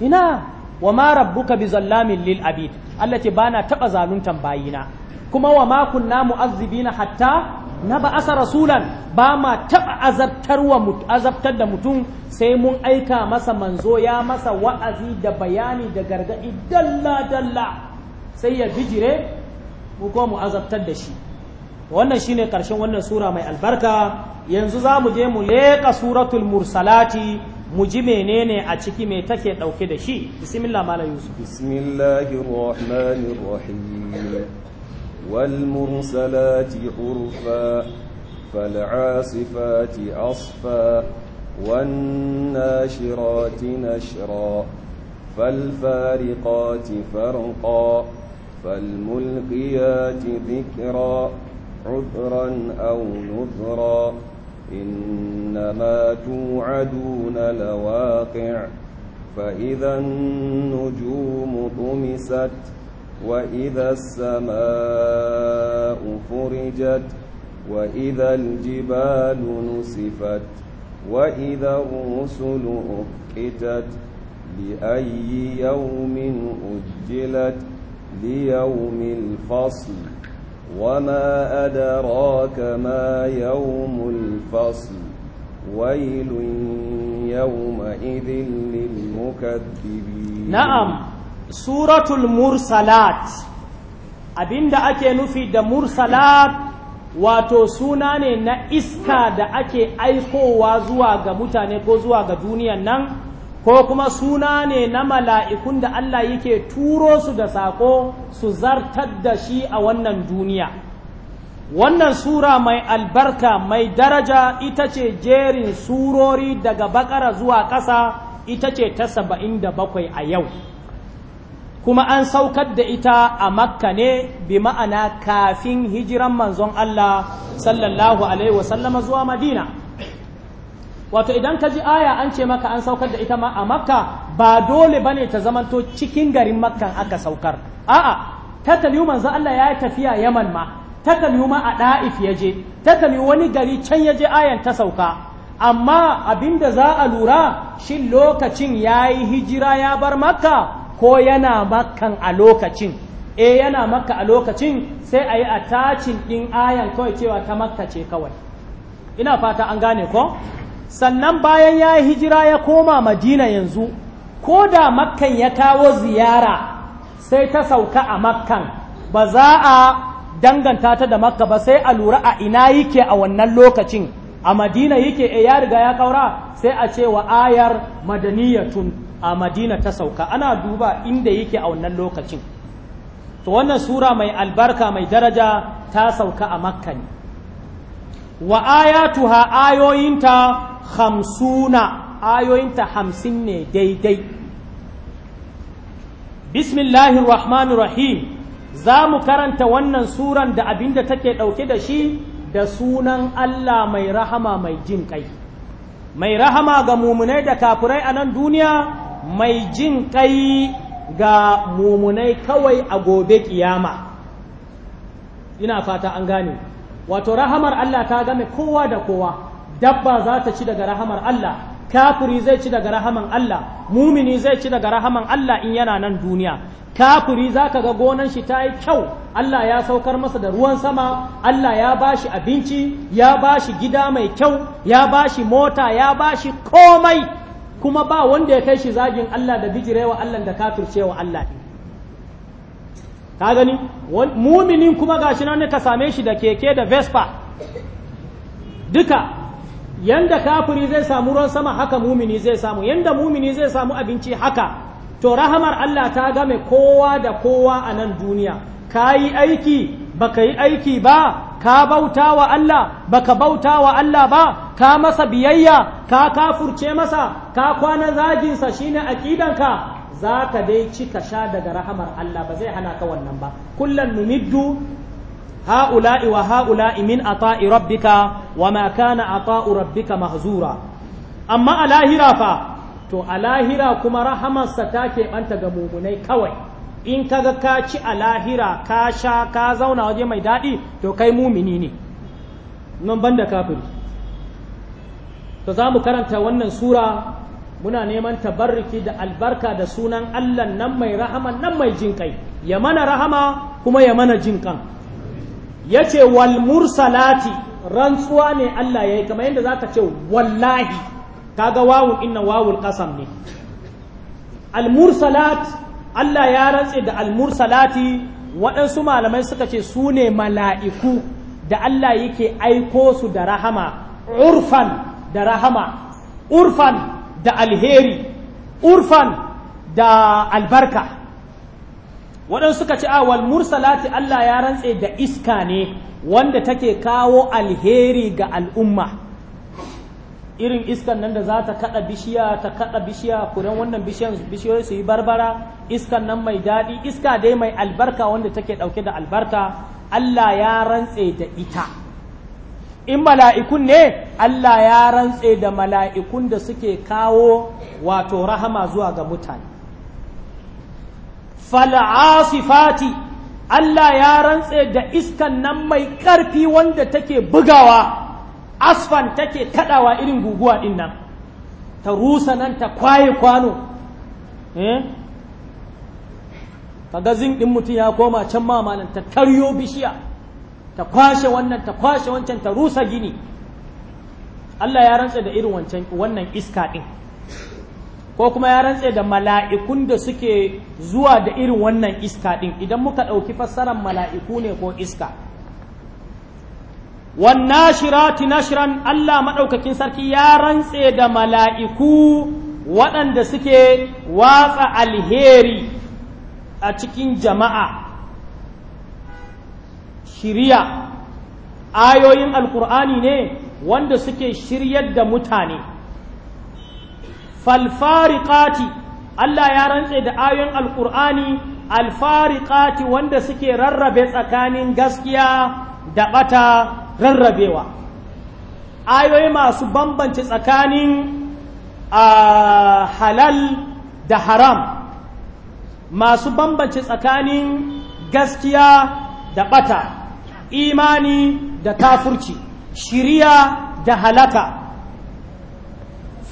S1: ina wa ma rabbuka bi zallamin lil abid Allah ce bana taɓa zaluntan bayina kuma wa ma kunna mu'azzibina hatta na ba'asa rasulan ba ma taɓa azabtarwa azabtar da mutum sai mun aika masa manzo ya masa wa'azi da bayani da gargaɗi dalla-dalla sai ya bijire mu ko mu azabtar da shi wannan shine ƙarshen wannan sura mai albarka yanzu za mu je mu leƙa suratul mursalati mu ji menene a ciki mai take ɗauke da shi bismillah malam yusuf
S3: bismillahir rahmanir rahim والمرسلات عرفا فالعاصفات عصفا والناشرات نشرا فالفارقات فرقا فالملقيات ذكرا عذرا أو نذرا إنما توعدون لواقع فإذا النجوم طمست وإذا السماء فرجت وإذا الجبال نسفت وإذا الرسل أقتت لأي يوم أجلت ليوم الفصل وما أدراك ما يوم الفصل ويل يومئذ للمكذبين
S1: نعم suratul mursalat abinda ake nufi da mursalat wato suna ne na iska da ake aikowa zuwa ga mutane ko zuwa ga duniyan nan ko kuma suna ne na mala'ikun da Allah yake turo su da sako su zartar da shi a wannan duniya wannan sura mai albarka mai daraja ita ce jerin surori daga bakara zuwa ƙasa ita ce ta 77 a yau kuma an saukar da ita a makka ne bi ma'ana kafin hijiran manzon Allah sallallahu alaihi wasallama zuwa madina wato idan ka ji aya an ce maka an saukar da ita ma a makka ba dole ba ne ta zamanto cikin garin makkan aka saukar a'a ta taliyu manzon Allah ya yi tafiya yaman ma ta ma a ɗa'if ya je wani gari can ya je ayan ta sauka amma abinda za a lura shin lokacin ya yi hijira ya bar makka ko yana makkan a lokacin e yana makka a lokacin sai a yi a tacin ɗin ayan kawai cewa ta makka ce kawai ina fata an gane ko sannan bayan ya yi hijira ya koma madina yanzu ko da makkan ya kawo ziyara sai ta sauka a makkan ba za a danganta ta da makka ba sai a lura a ina yake a wannan lokacin a madina yake e ya riga ya kaura sai a ce wa ayar madaniyatun a madina ta sauka ana duba inda yake a wannan lokacin to wannan sura mai albarka mai daraja ta sauka a makka ne wa ayatuha ayoyinta hamsuna ayoyinta hamsin ne daidai bismillahir rahmanir rahim za mu karanta wannan suran da abinda take ɗauke da shi da sunan Allah mai rahama mai jin kai mai rahama ga mumunai da kafurai a nan duniya mai jin kai ga mumunai kawai a gobe kiyama ina fata an gane wato rahamar Allah ta game kowa da kowa dabba za ta ci daga rahamar Allah kafiri zai ci daga rahaman Allah mumini zai ci daga rahaman Allah in yana nan duniya kafiri za ka ga gonan shi ta yi kyau Allah ya saukar masa da ruwan sama Allah ya bashi abinci ya bashi gida mai kyau ya bashi mota ya bashi komai kuma ba wanda ya kai shi zagin Allah da bijirewa Allah da kafircewa Allah ɗin ka gani muminin kuma ga shi nan ka same shi da keke da vespa duka yanda kafiri zai samu ruwan sama haka mumini zai samu yanda mumini zai samu abinci haka to rahamar Allah ta game kowa da kowa a nan duniya ka yi aiki ka yi aiki ba ka bauta wa Allah baka bauta wa Allah ba ka masa biyayya ka kafurce masa ka kwana zaginsa shine aqidanka zaka dai cika sha daga rahamar Allah ba zai hana ka wannan ba kullan numiddu ha'ula'i wa ha'ula'i min ata'i rabbika wa ma kana ata'u rabbika mahzura amma a lahira fa to a lahira kuma rahamarsa ta keɓanta ga mumunai kawai in ka ga ka ci a lahira ka sha ka zauna waje mai daɗi to kai mumini ne nan da kafiri to za mu karanta wannan sura muna neman tabarriki da albarka da sunan Allah nan mai rahama nan mai jinƙai ya mana rahama kuma ya mana jinƙan ya ce wal mursalati rantsuwa ne Allah ya yi kamar yadda za ka ce wallahi ga wawun inna wawul ƙasan ne al mursalat Allah ya rantse da almursalati waɗansu malamai suka ce su ne mala'iku da Allah yake aiko su da rahama urfan da rahama urfan da alheri urfan da albarka waɗansu suka ce awal mursalati Allah ya rantse da iska ne wanda take kawo alheri ga al'umma irin iskan nan da za ta kada bishiya ta kada bishiya kudan wannan bishiyan bishiyoyi su yi barbara iskan nan mai daɗi iska dai mai albarka wanda take ɗauke da albarka Allah ya rantse da ita in mala'ikun ne Allah ya rantse da mala'ikun da suke kawo wato rahama zuwa ga mutane fal'asifati Allah ya rantse da iskan nan mai ƙarfi wanda take bugawa asfan take kadawa irin guguwa din nan ta rusa nan ta kwaye kwano eh kaga zin mutum ya koma can mamalan ta karyo bishiya ta kwashe wannan ta kwashe wancan ta rusa gini Allah ya rantse da irin wannan iska din ko kuma ya rantse da mala'ikun da suke zuwa da irin wannan iska din idan muka ɗauki fassarar mala'iku ne ko iska na nashran Allah maɗaukakin sarki ya rantse da mala'iku waɗanda suke watsa alheri a cikin jama'a shirya ayoyin alkur'ani ne wanda suke shiryar da mutane falfariƙati Allah ya rantse da ayoyin alkur'ani alfariƙati wanda suke rarrabe tsakanin gaskiya da ɓata rarrabewa ayoyi masu bambance tsakanin a halal da haram masu bambance tsakanin gaskiya da bata imani da kafurci shiriya da halaka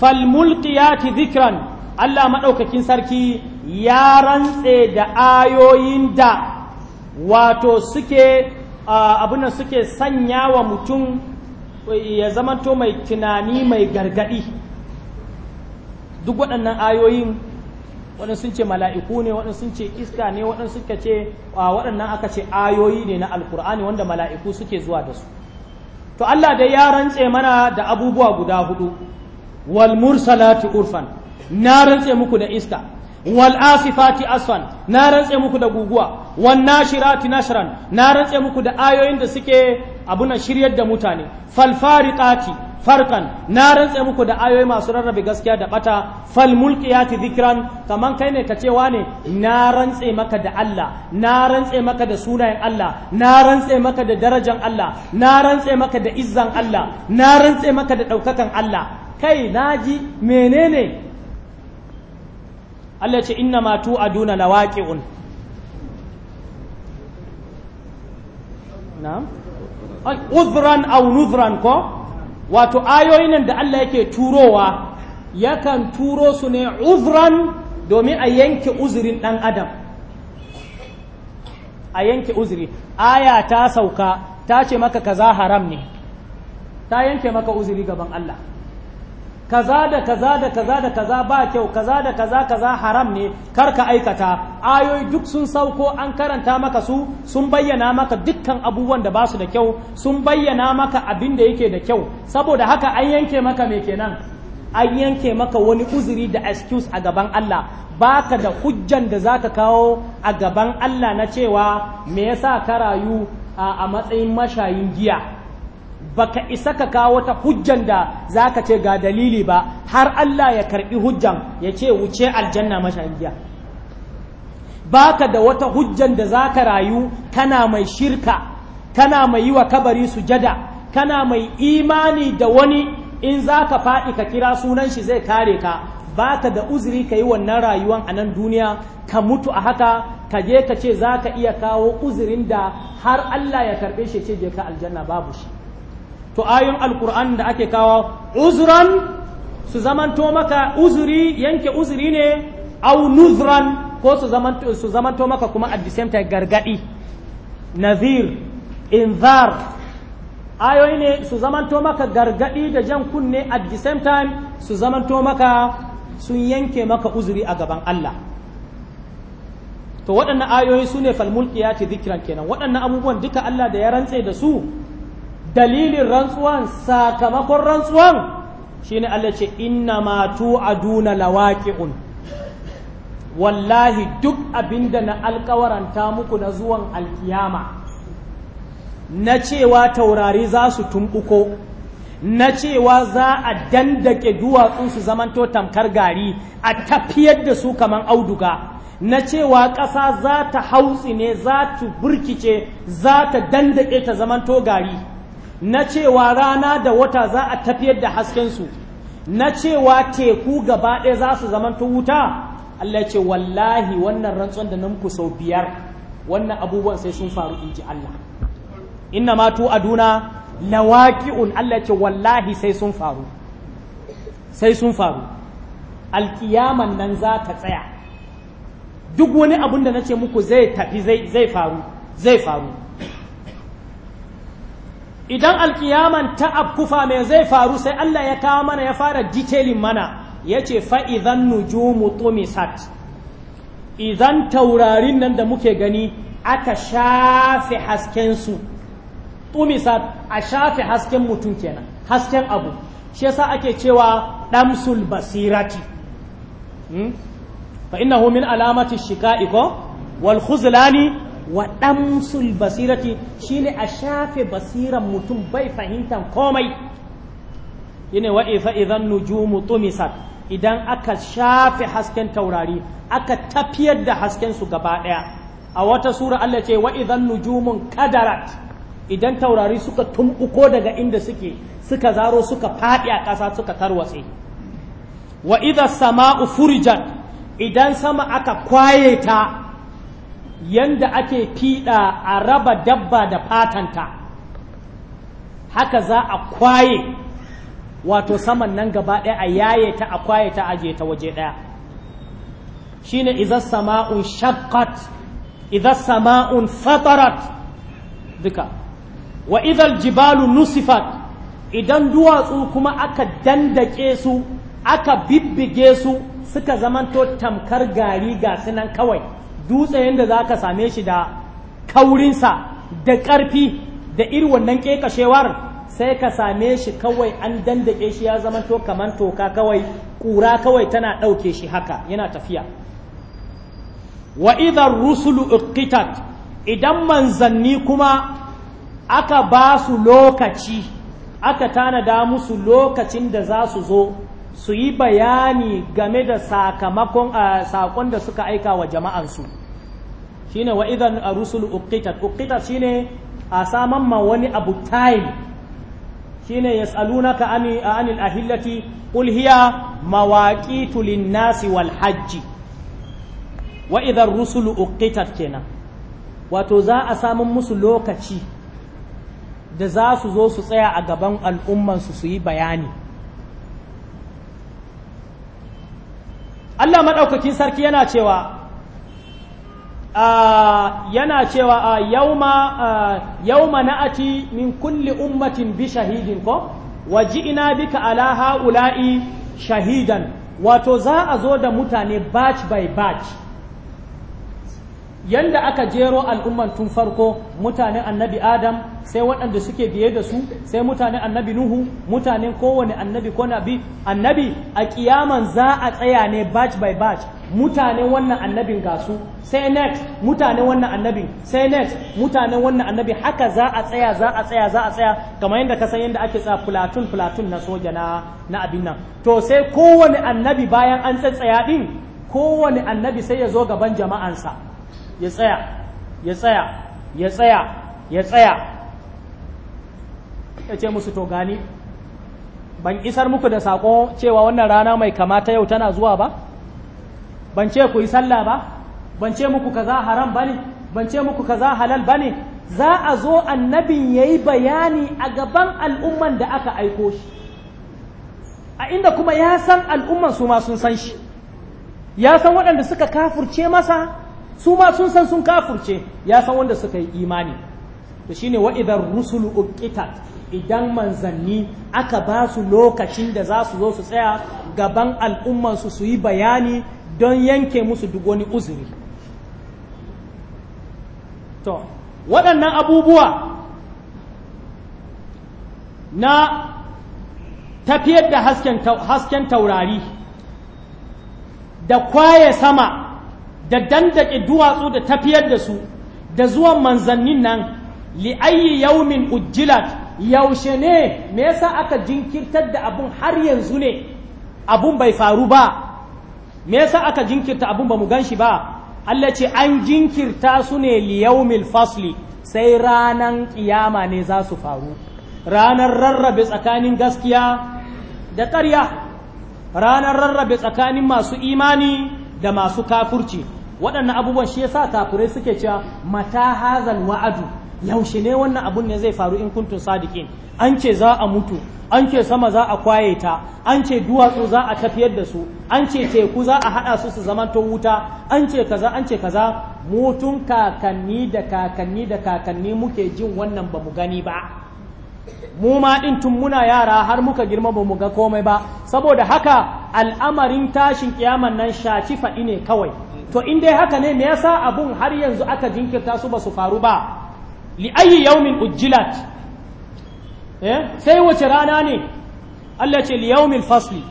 S1: falmulkiyati zikiran Allah maɗaukakin sarki ya rantse da ayoyin da wato suke abin da suke sanya wa mutum ya zamanto mai tunani mai gargadi duk waɗannan ayoyin waɗansu sun ce mala'iku ne waɗansu ce iska ne waɗansu suka ce waɗannan aka ce ayoyi ne na alkur'ani wanda mala'iku suke zuwa da su to Allah dai ya rantse mana da abubuwa guda hudu wal mursalati urfan na rantse muku da iska wal asifati asfan na rantse muku da guguwa wan nashirati nashran na rantse muku da ayoyin da suke abuna shiryar da mutane fal fariqati farkan na rantse muku da ayoyi masu rarrabe gaskiya da bata fal mulkiyati dhikran kaman kai ne kace wane na rantse maka da Allah na rantse maka da sunayen Allah na rantse maka da darajan Allah na rantse maka da izzan Allah na rantse maka da ɗaukakan Allah kai naji menene Allah ce inna ma tu aduna lawaqi'un na'am uzran aw nuzran ko wato ayoyin nan da Allah yake turowa yakan turo su ne uzran domin a yanke uzurin dan adam a yanke uzuri aya ta sauka ta ce maka kaza haram ne ta yanke maka uzuri gaban Allah kaza da kaza da kaza da kaza ba kyau kaza da kaza kaza haram ne kar ka aikata ayoyi duk sun sauko an karanta maka su sun bayyana maka dukkan abubuwan da ba su da kyau sun bayyana maka abin da yake da kyau saboda haka an yanke maka me kenan an yanke maka wani uzuri da excuse a gaban Allah baka da hujjan da za ka kawo a gaban Allah na cewa me yasa ka rayu a matsayin mashayin giya baka isa ka kawo wata hujjan da za ka ce ga dalili ba har Allah ya karɓi hujjan ya ce wuce aljanna mashayiya baka da wata hujjan da za ka rayu kana mai shirka kana mai yi wa kabari jada kana mai imani da wani in za ka faɗi ka kira sunan shi zai kare ka baka da uzuri ka yi wannan rayuwan a nan duniya ka mutu a haka ka je ka ce za ka iya kawo uzurin da har Allah ya karɓe shi ce je ka aljanna babu shi to ayon alkur'an da ake kawo uzuran su zamanto maka uzuri yanke uzuri ne au nuzran ko su zamanto maka kuma at the same time gargadi nazir inzar ayoyi ne su zamanto maka gargadi da jan kunne at the same time su zamanto maka sun yanke maka uzuri a gaban Allah to waɗannan ayoyi su ne ce zikiran kenan waɗannan abubuwan duka Allah da ya rantse da su dalilin rantsuwan sakamakon rantsuwan shine Allah ce inna ma duna lawaqi'un wallahi duk abinda na alkawaranta muku na zuwan alkiyama na cewa taurari za su tumbuko na cewa za a dandake duwatsun su zamanto tamkar gari a tafiyar da su kaman auduga na cewa ƙasa za ta hautsi ne za ta burkice za ta dandake ta zamanto gari na cewa rana da wata za a tafiyar da haskensu na cewa teku gaba ɗaya za su ta wuta Allah ce wallahi wannan rantsuwan da nan ku sau biyar wannan abubuwan sai sun faru in ji Allah inna ma tu aduna lawaqi'un Allah ce wallahi sai sun faru sai sun faru alkiyaman nan za ta tsaya duk wani abun da nace muku zai tafi zai faru zai faru idan alkiyaman ta abkufa mai zai faru sai Allah ya kawo mana ya fara detailing mana ya ce fa'izan nujumu tumisat idan taurarin nan da muke gani aka shafe haskensu tumisat a shafe hasken mutum kenan hasken abu shi yasa ake cewa damsul basirati hmm? na homin alamatin shiga wal khuzlani waɗansul basirati shine a shafe basiran mutum bai fahimtar komai yana wa idan nujumu tumisar idan aka shafe hasken taurari aka tafiyar da hasken su gaba ɗaya a wata sura Allah ce wa'idan nujumun kadarat idan taurari suka tumbuko daga inda suke suka zaro suka fadi a ƙasa suka tarwatse wa sama'u furijat idan sama aka kwaye ta yanda ake fiɗa a raba dabba da fatanta haka za a kwaye wato saman nan gaba ɗaya a yaye ta a kwaye ta aje ta waje ɗaya shi ne idan sama'un shakkat idan sama'un fatarat duka wa idan jibalu nusifat idan duwatsu kuma aka dandake su aka bibbige su suka zamanto tamkar gari ga sunan kawai dutse yadda za ka same shi da kaurinsa da ƙarfi da irin wannan ƙeƙashewar sai ka same shi kawai an dandake shi ya zama to kamar toka kawai ƙura kawai tana ɗauke shi haka yana tafiya wa idan rusulu uqitat idan manzanni kuma aka ba su lokaci aka tanada musu lokacin da za su zo su yi bayani game da sakamakon sakon da suka aika wa jama'ansu shine wa idan rusul uqitat shi shine a saman ma wani abu time shine yasalunaka ani anil ahillati qul hiya mawaqitu nasi wal hajji wa idan rusul uqitat kenan wato za a samu musu lokaci da za su zo su tsaya a gaban al'ummansu su yi bayani Allah maɗaukakin sarki yana cewa ah, yana cewa ah, a ah, yauma na'ati min kulli ummatin bi shahidin ko waji'na bika ala ha'ula'i shahidan wato za a zo da mutane batch by batch yanda aka jero al'umman tun farko mutanen annabi adam sai waɗanda suke biye da su sai mutanen annabi nuhu mutanen kowane annabi ko nabi annabi a kiyaman za a tsaya ne batch by batch mutanen wannan annabin gasu sai next mutanen wannan annabin sai next mutanen wannan annabi haka za a tsaya za a tsaya za a tsaya kamar yadda ka san yadda ake tsaya platoon platoon na soja na na abin nan to sai kowane annabi bayan an tsatsaya din kowane annabi sai ya zo gaban jama'ansa ya tsaya ya tsaya ya tsaya ya tsaya ya ce musu to gani ban isar muku da sako cewa wannan rana mai kamata yau tana zuwa ba ban ce ku yi sallah ba ban ce muku kaza haram bane ban ce muku kaza halal bane za a zo annabin yayi bayani a gaban al'umman da aka aiko shi a inda kuma ya san al'umman su ma sun san shi ya san waɗanda suka kafurce masa su ma sun san sun kafurce ya san wanda suka yi imani to shine wa idan rusul uqitat idan manzanni aka ba su lokacin da za su zo su tsaya gaban al'ummansu su yi bayani don yanke musu duk wani uzuri to waɗannan abubuwa na tafiyar da hasken taurari da kwaye sama da dandake duwatsu da tafiyar da su da zuwan manzannin nan liayi yaumin ujjilat yaushe ne me yasa aka jinkirtar da abun har yanzu ne abun bai faru ba me yasa aka jinkirta abun ba mu gan shi ba Allah ce an jinkirta su ne li fasli sai ranan kiyama ne za su faru ranar rarrabe tsakanin gaskiya da ƙarya ranar rarrabe tsakanin masu imani da masu kafurci waɗannan abubuwan shi yasa kafirai suke cewa mata hazal wa'adu yaushe ne wannan abun ne zai faru in kuntun sadiqin an ce za a mutu an ce sama za a kwaye ta an ce duwatsu za a tafiyar da su an ce teku za a haɗa su su zamanto wuta an ce kaza an ce kaza mutun kakanni da kakanni da kakanni muke jin wannan ba mu gani ba mu ma din tun muna yara har muka girma ba mu ga komai ba saboda haka al'amarin tashin kiyaman nan shaci faɗi ne kawai to in dai haka ne me yasa abun har yanzu aka jinkirta su ba su faru ba li ayi yawmin ujjilat eh, sai wace rana ne Allah ce li fasli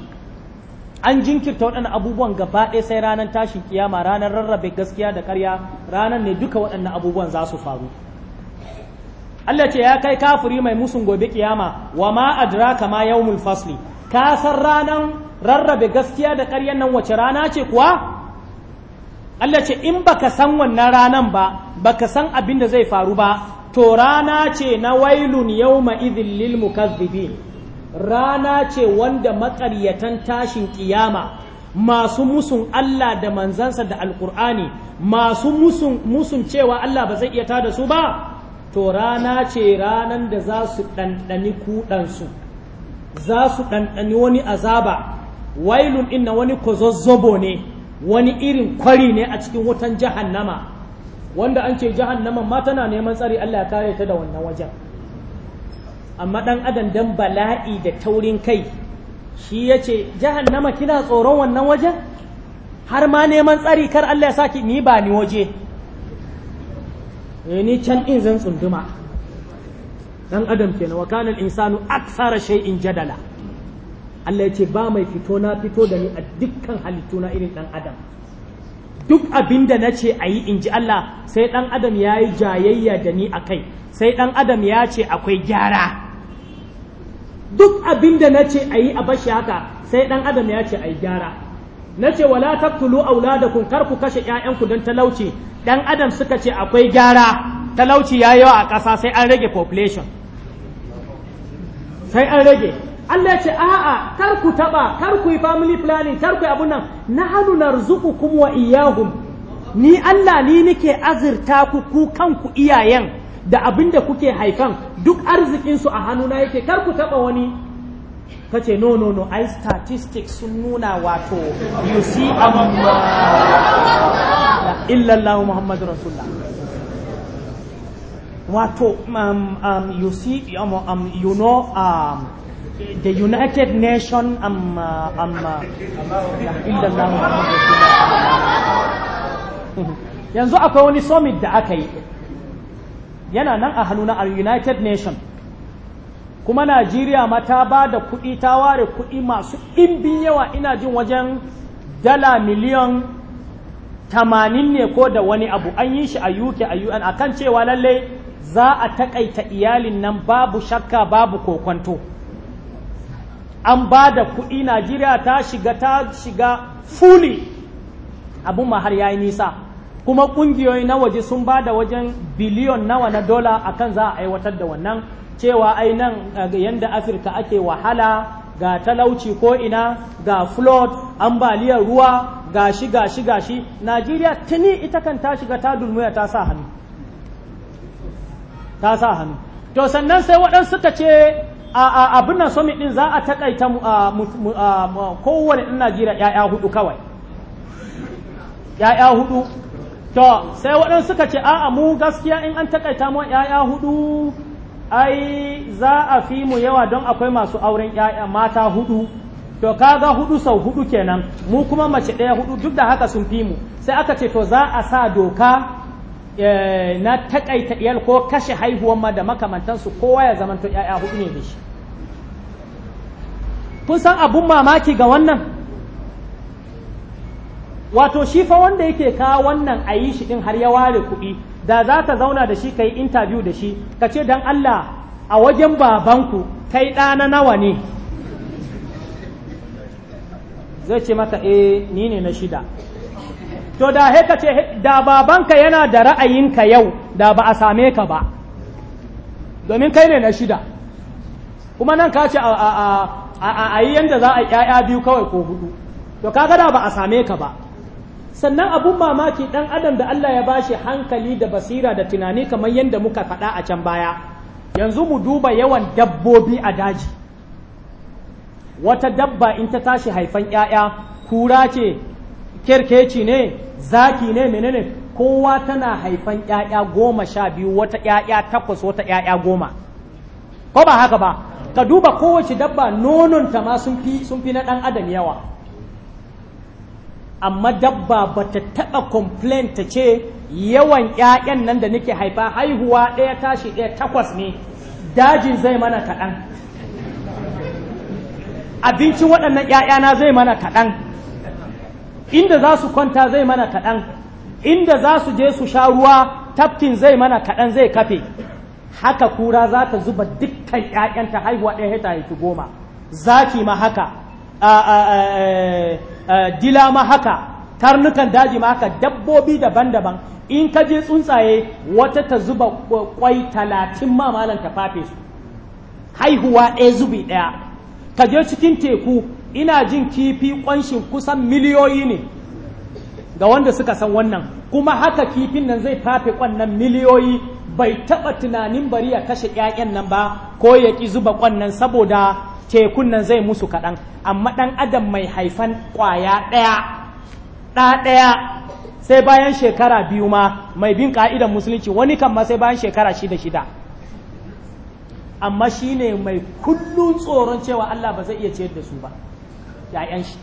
S1: an jinkirta waɗannan abubuwan gaba ɗaya sai ranar tashin kiyama ranar rarrabe gaskiya da ƙarya ranar ne duka waɗannan abubuwan za su faru Allah ce ya kai kafiri mai musun gobe kiyama wa ma adraka ma fasli ka san ranar rarrabe gaskiya da ƙaryan nan wace rana ce kuwa Allah ce in baka san wannan ranan ba baka san abin da zai faru ba to rana ce na wailun yau yawma idhil lil mukazzibin rana ce wanda maƙaryatan tashin kiyama masu musun Allah da manzansa da alkur'ani masu musun cewa Allah ba zai iya da su ba to rana ce ranan da za su ɗanɗani kuɗansu za su ɗanɗani wani azaba wailun inna wani kwazazzobo ne wani irin kwari ne a cikin wutan jahannama wanda an ce jahannama ma tana neman tsari Allah ya kare ta da wannan wajen amma dan adam dan bala'i da taurin kai shi ya ce jahannama kina tsoron wannan wajen har ma neman tsari kar Allah ya saki ni ba ni waje eh, ni can in zan tsunduma dan adam kenan wa kana al-insanu aksara shay'in jadala Allah ya ce ba mai fito na fito da ni a dukkan halittu na irin ɗan adam duk abin da na ce a yi in Allah sai ɗan adam ya yi jayayya da ni a kai sai ɗan adam ya ce akwai gyara duk abin da na ce a yi a bashi haka sai ɗan adam ya ce a yi gyara na ce wala taktulu auladakum kar ku kashe ƴaƴanku don talauci ɗan adam suka ce akwai gyara talauci ya yawa a ƙasa sai an rage population sai an rage Allah ya ce a'a kar ku taba kar ku yi family planning kar ku yi abun nan nahnu narzuqukum wa iyyahum ni Allah ni nake azurta ku ku kanku iyayen da abin da kuke haifan duk arzikinsu su a hannuna yake karku ku taba wani kace no no no ai statistics sun nuna wato you see amma illa Allah Muhammadu Rasulullah wato um, um, you see um, um, you know um, the United Nations um, uh, um, uh, *laughs* yanzu akwai wani summit da aka yi yana nan a hannu a United Nations kuma Najeriya ma ta ba da kuɗi ta ware kuɗi masu ɗimbin yawa ina jin wajen dala miliyan tamanin ne ko da wani abu an yi shi a UK a UN akan cewa lallai za a takaita iyalin nan babu shakka babu kokonto. an ba da kuɗi najeriya ta shiga ta shiga fuli abun ma har ya yi nisa kuma ƙungiyoyi na waje sun ba da wajen biliyon nawa na dola akan za a aiwatar da wannan cewa ai nan eh, yadda afirka ake wahala ga talauci ko ina ga flood ambaliyar ruwa gashi gashi gashi najeriya tuni ita kan ta shiga ta dulmuya ta sa hannu ta sa hannu to sannan sai waɗansu ta ce abin nan summit din za a takaita kowane ɗan Najeriya ‘ya'ya hudu kawai ‘ya'ya hudu to sai waɗansu suka ce a'a mu gaskiya in an takaita mu ‘ya'ya hudu ai za a fi mu yawa don akwai masu auren ‘ya'ya mata hudu to kaga hudu sau hudu kenan mu kuma mace ɗaya hudu duk da haka sun fi mu sai aka ce to za a sa doka eh, na takaita iyal ko kashe haihuwan ma da makamantansu kowa ya zamanto ‘ya'ya hudu ne da shi kun san abun mamaki ga wannan wato shi fa wanda yake kawo wannan a yi shi ɗin har ya ware kuɗi da za ka zauna da shi ka yi intabiyu da shi ka ce don Allah a wajen babanku kai ɗana nawa ne zai ce maka eh ni ne na shida to da heka ce da babanka yana da ra'ayinka yau da ba a same ka ba domin kai ne na shida kuma nan ka ce a a yi yadda za a ƴaƴa biyu kawai ko hudu to kaga da ba a same ka ba sannan abun mamaki dan adam da Allah ya bashi hankali da basira da tunani kamar yadda muka faɗa a can baya yanzu mu duba yawan dabbobi a daji wata dabba in ta tashi haifan ƴaƴa kura ce kerkeci ne zaki ne menene kowa tana haifan ƴaƴa goma sha biyu wata ƴaƴa takwas wata ƴaƴa goma ko ba haka ba ka duba kowace dabba nonon ta ma sun fi sun fi na ɗan adam yawa amma dabba ba ta taɓa complain ta ce yawan ƴaƴan nan da nake haifa haihuwa ɗaya tashi ɗaya takwas ne dajin zai mana kaɗan abincin waɗannan ƴaƴana zai mana kaɗan inda za su kwanta zai mana kaɗan inda za su je su sha ruwa tafkin zai mana kaɗan zai kafe haka kura za ta zuba dukkan ta haihuwa ɗaya ta haifi goma zaki ma haka dila ma haka tarnukan daji ma haka dabbobi daban-daban in ka je tsuntsaye wata ta zuba kwai talatin ma malan ta fafe su haihuwa ɗaya zubi ɗaya ka je cikin teku ina jin kifi ƙwanshin kusan miliyoyi ne ga wanda suka san wannan kuma haka kifin nan zai fafe ƙwannan miliyoyi bai taɓa tunanin bari ya kashe ƴaƴan nan ba ko ya ƙi zuba ƙwannan saboda tekun nan zai musu kaɗan amma ɗan adam mai haifan ƙwaya ɗaya ɗa ɗaya sai bayan shekara biyu ma mai bin ƙa'idan musulunci wani kan ma sai bayan shekara shida shida amma shi ne mai kullum tsoron cewa Allah ba zai iya ciyar da su ba ‘ya'yan shi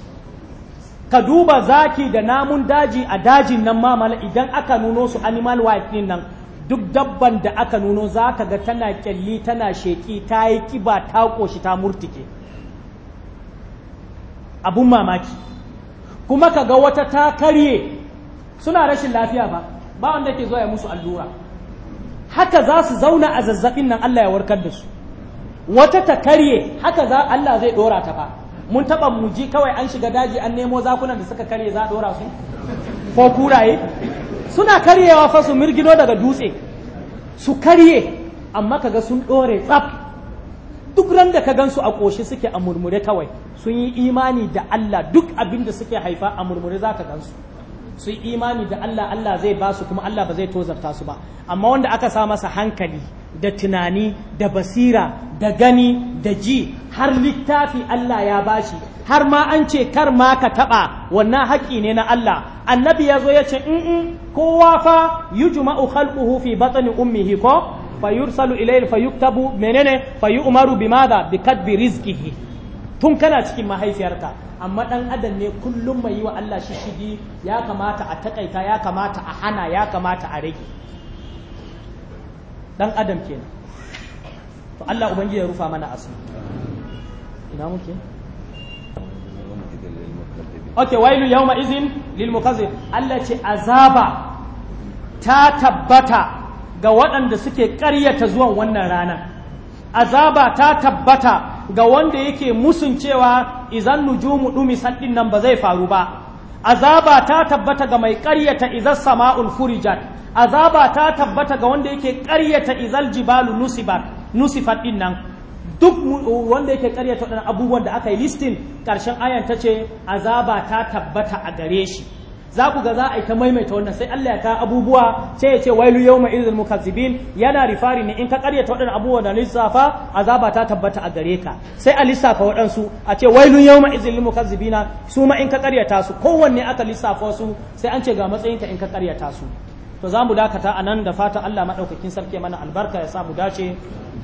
S1: ka duba zaki da namun daji a dajin nan mamala idan aka nuno su animal wife din nan duk dabban da aka nuno za ka ga tana kyalli tana sheki ta yi kiba ta ƙoshi ta murtike abun mamaki kuma ka ga wata ta karye suna rashin lafiya ba ba wanda ke zo ya musu allura haka za su zauna a zazzabin nan Allah ya warkar da su wata ta karye haka za Allah zai ɗora ta fa mun taba muji kawai an shiga daji an nemo zakunan da suka karye za a dora su ko kuraye suna karyewa fa su mirgino daga dutse su karye amma kaga sun dore tsaf duk ran da ka gansu a ƙoshi suke a murmure kawai sun yi imani da Allah duk abin da suke haifa a murmure za ka gansu su yi imani da Allah Allah zai ba su kuma Allah ba zai tozarta su ba amma wanda aka sa masa hankali da tunani da basira da gani da ji har littafi Allah ya bashi har ma an ce kar ma ka taɓa wannan haƙƙi ne na Allah annabi ya zo ya ce in kowa fa yujma'u khalquhu fi batni ummihi ko fayursalu ilayhi fayuktabu menene fayu'maru bimada bi kadbi rizqihi tun kana cikin mahaifiyarka amma ɗan adam ne kullum mai yi wa Allah shishigi ya kamata a takaita ya kamata a hana ya kamata a rage ɗan adam kenan to Allah ubangiji ya rufa mana asu ina muke okay wailu yawma izin lil mukazzib Allah ce azaba ta tabbata ga waɗanda suke ƙaryata zuwan wannan ranar azaba ta tabbata ga wanda yake musun cewa izan nujumu dumi saddin nan ba zai faru ba azaba ta tabbata ga mai ƙaryata izar sama'ul furijat azaba ta tabbata ga wanda yake ƙaryata izal jibalu nusibat nusifat din nan duk wanda yake ƙaryata waɗannan abubuwan da aka yi listin ƙarshen ayan ta ce azaba ta tabbata a gare shi za ku ga za a yi ta maimaita wannan sai Allah ya ka abubuwa sai ya ce wailu yawma idhil mukazzibin yana rifari ne in ka karyata waɗannan abubuwa da lissafa azaba ta tabbata a gare ka sai a lissafa waɗansu a ce wailu yawma idhil mukazzibina su ma in ka karyata su kowanne aka lissafa su sai an ce ga matsayinka in ka karyata su to za mu dakata a nan da fata Allah maɗaukakin sarki mana albarka ya sa mu dace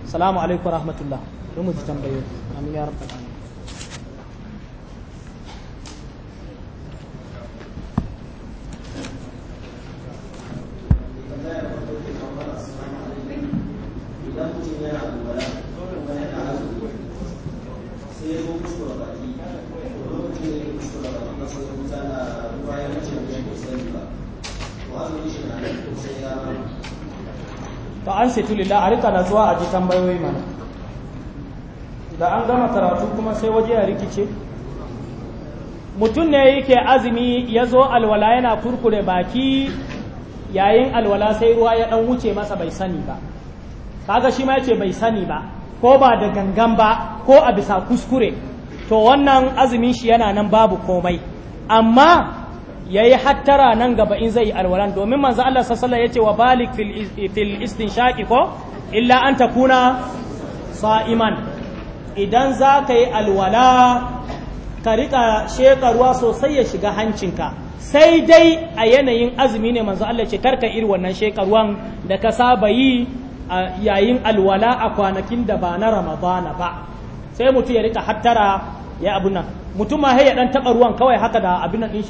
S1: salamu alaikum rahmatullah don mu ji tambayoyi amin ya rabbal an situ a rika natsuwa a ji tambayoyi mana da an gama karatu kuma sai waje a rikice mutum ne yake azumi ya zo alwala yana kurkure baki yayin alwala sai ruwa ya dan wuce masa bai sani ba kaga shi ma yace bai sani ba ko ba da gangan ba ko a bisa kuskure to wannan azumin shi yana nan babu komai amma yayi hattara nan gaba in zai yi alwalan domin manzo Allah ya ce wa balik fil istinshaqi ko illa an takuna sa'iman idan za ka yi alwala ka rika sheka ruwa sosai ya shiga hancinka sai dai a yanayin azumi ne manzo Allah ce karka iri wannan sheka da ka saba yi yayin alwala a kwanakin da ba na ramadana ba sai mutum ya rika hattara ya abu nan mutum ma ya dan taba ruwan kawai haka da abin nan din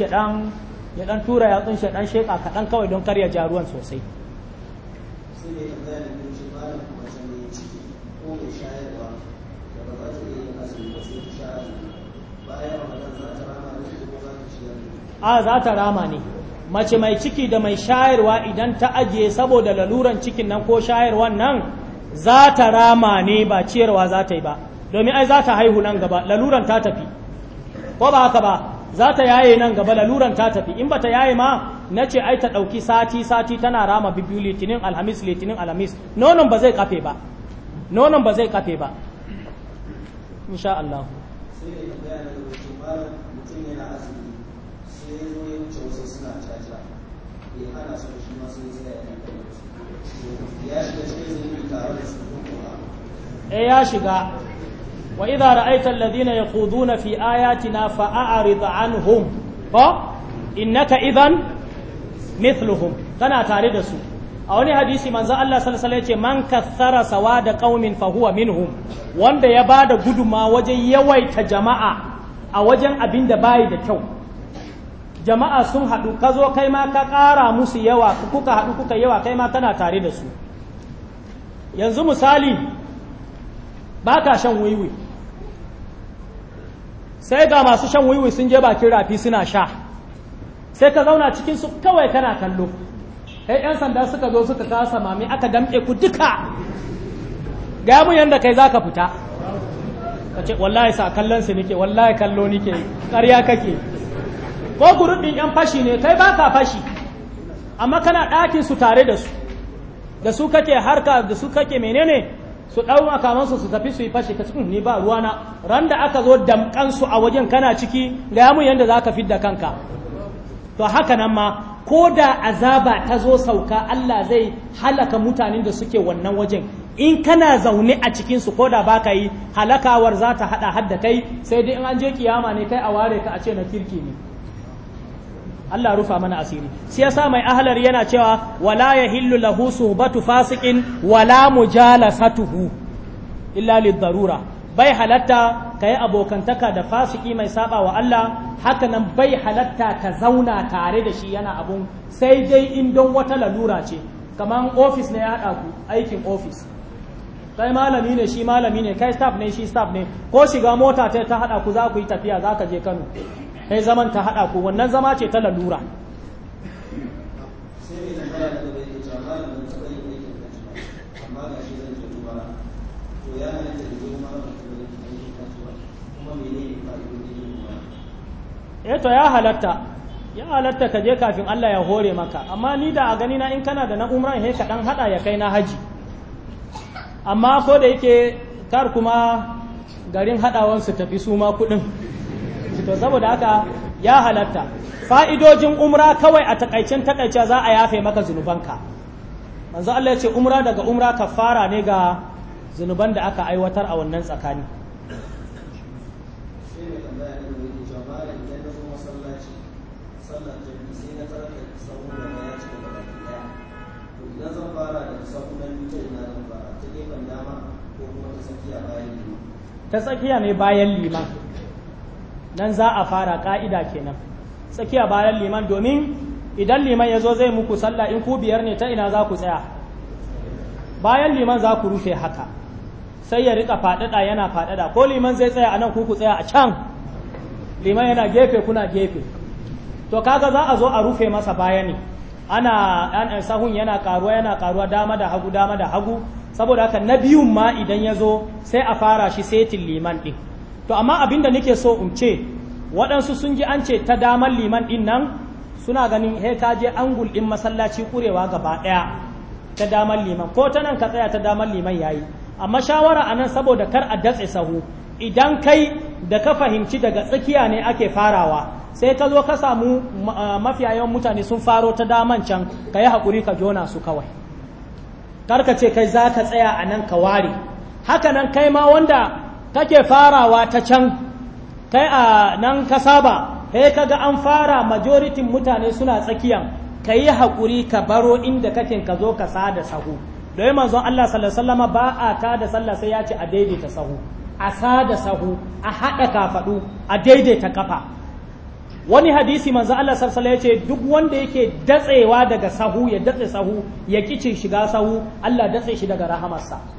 S1: ya dan tura yatsun shi dan sheka kadan kawai don karya jaruwan sosai a za ta rama ne mace mai ciki da mai shayarwa idan ta ajiye saboda laluran cikin nan ko shayarwan nan za ta rama ne ba ciyarwa za ta yi ba domin ai za ta haihu nan gaba laluran ta tafi ko ba haka ba za ta yaye nan gaba laluran ta tafi in bata yaye ma na ce ai ta ɗauki sati sati tana rama bibiyu litinin alhamis litinin alhamis nonon ba zai kafe ba nonon ba zai kafe ba insha Allah ya shiga wa idza ra'aita alladhina yaquduna fi ayatina fa'arid anhum fa innaka idan mithluhum kana tare da su a wani hadisi manzo Allah sallallahu alaihi ce man kathara sawada qaumin fa huwa minhum wanda ya bada guduma wajen yawaita jama'a a wajen abinda da bai da kyau jama'a sun haɗu ka zo kai ma ka ƙara musu yawa kuka haɗu kuka yawa kai ma kana tare da su yanzu misali ba ka shan wiwi sai ga masu shan wiwi sun je bakin rafi suna sha sai ka zauna cikin su kawai kana kallo kai yan sanda suka zo suka kasa mami aka damƙe ku duka ga mun yanda kai zaka fita ka ce wallahi sa kallon nike wallahi kallo nike ƙarya kake ko gurubin yan fashi ne kai baka fashi amma kana ɗakin su tare da su da su kake harka da su kake menene su ɗau makamansu su tafi su yi fashe ka cikin hmm, ni ba ruwana ran da aka zo damƙansu a wajen kana ciki ga mun yadda za ka fidda kanka to haka nan ma ko da azaba ta zo sauka Allah zai halaka mutanen da suke wannan wajen in kana zaune a cikinsu ko da ba ka yi halakawar za ta haɗa hadda kai sai dai in an je kiyama ne kai a ware ka a ce na kirki ne Allah rufa mana asiri sai yasa mai ahlar yana cewa wala yahillu lahu suhbatu fasiqin wala mujalasatuhu illa lidarura bai halatta kai abokantaka da fasiki mai saba wa Allah haka nan bai halatta ka zauna tare da shi yana abun sai dai in don wata lalura ce kaman office ne ya haɗa ku aikin office kai malami ne shi malami ne kai staff ne shi staff ne ko shiga mota ta haɗa ku za ku yi tafiya za ka je Kano sai zaman ta haɗa ko wannan zama ce ta lalura eh to ya halatta ya halatta ka je kafin Allah ya hore maka amma ni da a gani na in kana da na umran he ka dan hada ya kai na haji amma ko da yake kar kuma garin hadawan su tafi su ma kudin to saboda haka ya halatta fa'idojin umra kawai a takaicin takaice za a yafe maka zunubanka manzo Allah ya ce umra daga umra kafara ne ga zunuban da aka aiwatar a wannan tsakani
S2: ta tsakiya bayan
S1: ta tsakiya ne bayan liman nan za a fara ka'ida kenan tsakiya bayan liman domin idan liman ya zo zai muku sallah in ku biyar ne ta ina za ku tsaya bayan liman za ku rufe haka sai ya rika faɗaɗa yana faɗaɗa ko liman zai tsaya a nan ku tsaya a can liman yana gefe kuna gefe to kaga za a zo a rufe masa baya ne ana ɗan sahun yana ƙaruwa yana ƙaruwa dama da hagu dama da hagu saboda haka na biyun ma idan ya zo sai a fara shi setin liman ɗin to amma abin da nake so in ce waɗansu sun ji an ce ta damar liman ɗin nan suna ganin he ka je angul ɗin masallaci ƙurewa gaba ɗaya ta damar liman ko ta nan ka tsaya ta damar liman yayi amma shawara a nan saboda kar a datse sahu idan kai da ka fahimci daga tsakiya ne ake farawa sai ka zo ka samu mafiya yawan mutane sun faro ta daman can ka yi haƙuri ka jona su kawai kar ka ce kai za ka tsaya a nan ka ware haka nan kai ma wanda kake farawa ta can kai a nan ka saba kai kaga an fara majoritin mutane suna tsakiyan ka yi haƙuri ka baro inda kake ka zo ka sada sahu don manzon Allah sallallahu alaihi ba a ta da sallah sai ya ce a daidaita sahu a sada sahu a haɗa kafaɗu a daidaita kafa wani hadisi manzon Allah sallallahu alaihi ya ce duk wanda yake datsewa daga sahu ya datse sahu ya kice shiga sahu Allah datse shi daga rahamarsa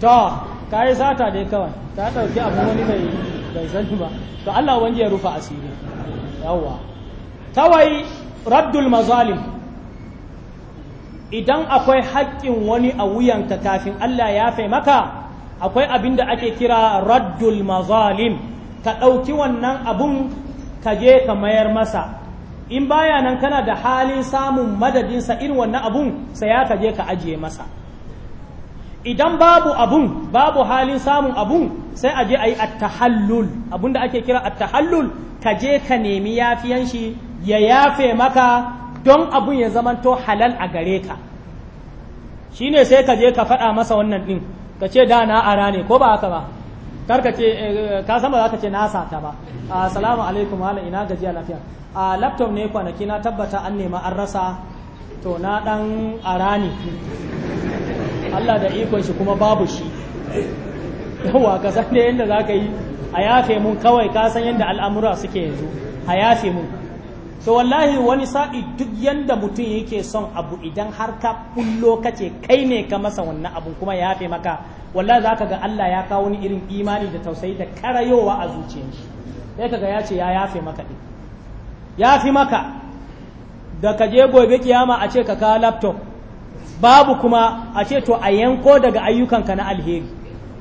S1: to ka yi sata dai kawai ta ɗauki abu wani bai sani ba to Allah wani ya rufa asiri yawwa kawai raddul mazalim idan akwai haƙƙin wani a wuyanka kafin Allah ya fai maka akwai abin da ake kira raddul mazalim ka ɗauki wannan abun ka je ka mayar masa in baya nan kana da halin samun madadinsa irin wannan abun sai ya ka je ka ajiye masa idan babu abun babu halin samun abun sai a je a yi attahallul abun da ake kira attahallul ka je ka nemi yafiyan shi ya yafe maka don abun ya zamanto halal a gare ka shine sai ka je ka faɗa masa wannan ɗin ka ce da na ara ne ko ba haka ba ce eh, ka sama za ka ce na sata ba assalamu ah, alaikum wala ina gajiya lafiya a ah, laptop ne kwanaki na tabbata an nema an rasa to na dan arani Allah da ikon shi kuma babu shi yawa ka san da yadda za ka yi a yafe mun kawai ka san yadda al'amura suke yanzu a yafe mun so wallahi wani sa'i duk yadda mutum yake son abu idan har ka bullo ka ce kai ne ka masa wannan abun kuma ya yafe maka wallahi za ka ga Allah ya kawo ni irin imani da tausayi da karayowa a zuciyar shi sai ka ya ce ya yafe maka yafi maka da ka je gobe kiyama a ce ka kawo laptop babu kuma a ce to a yanko daga ayyukanka na alheri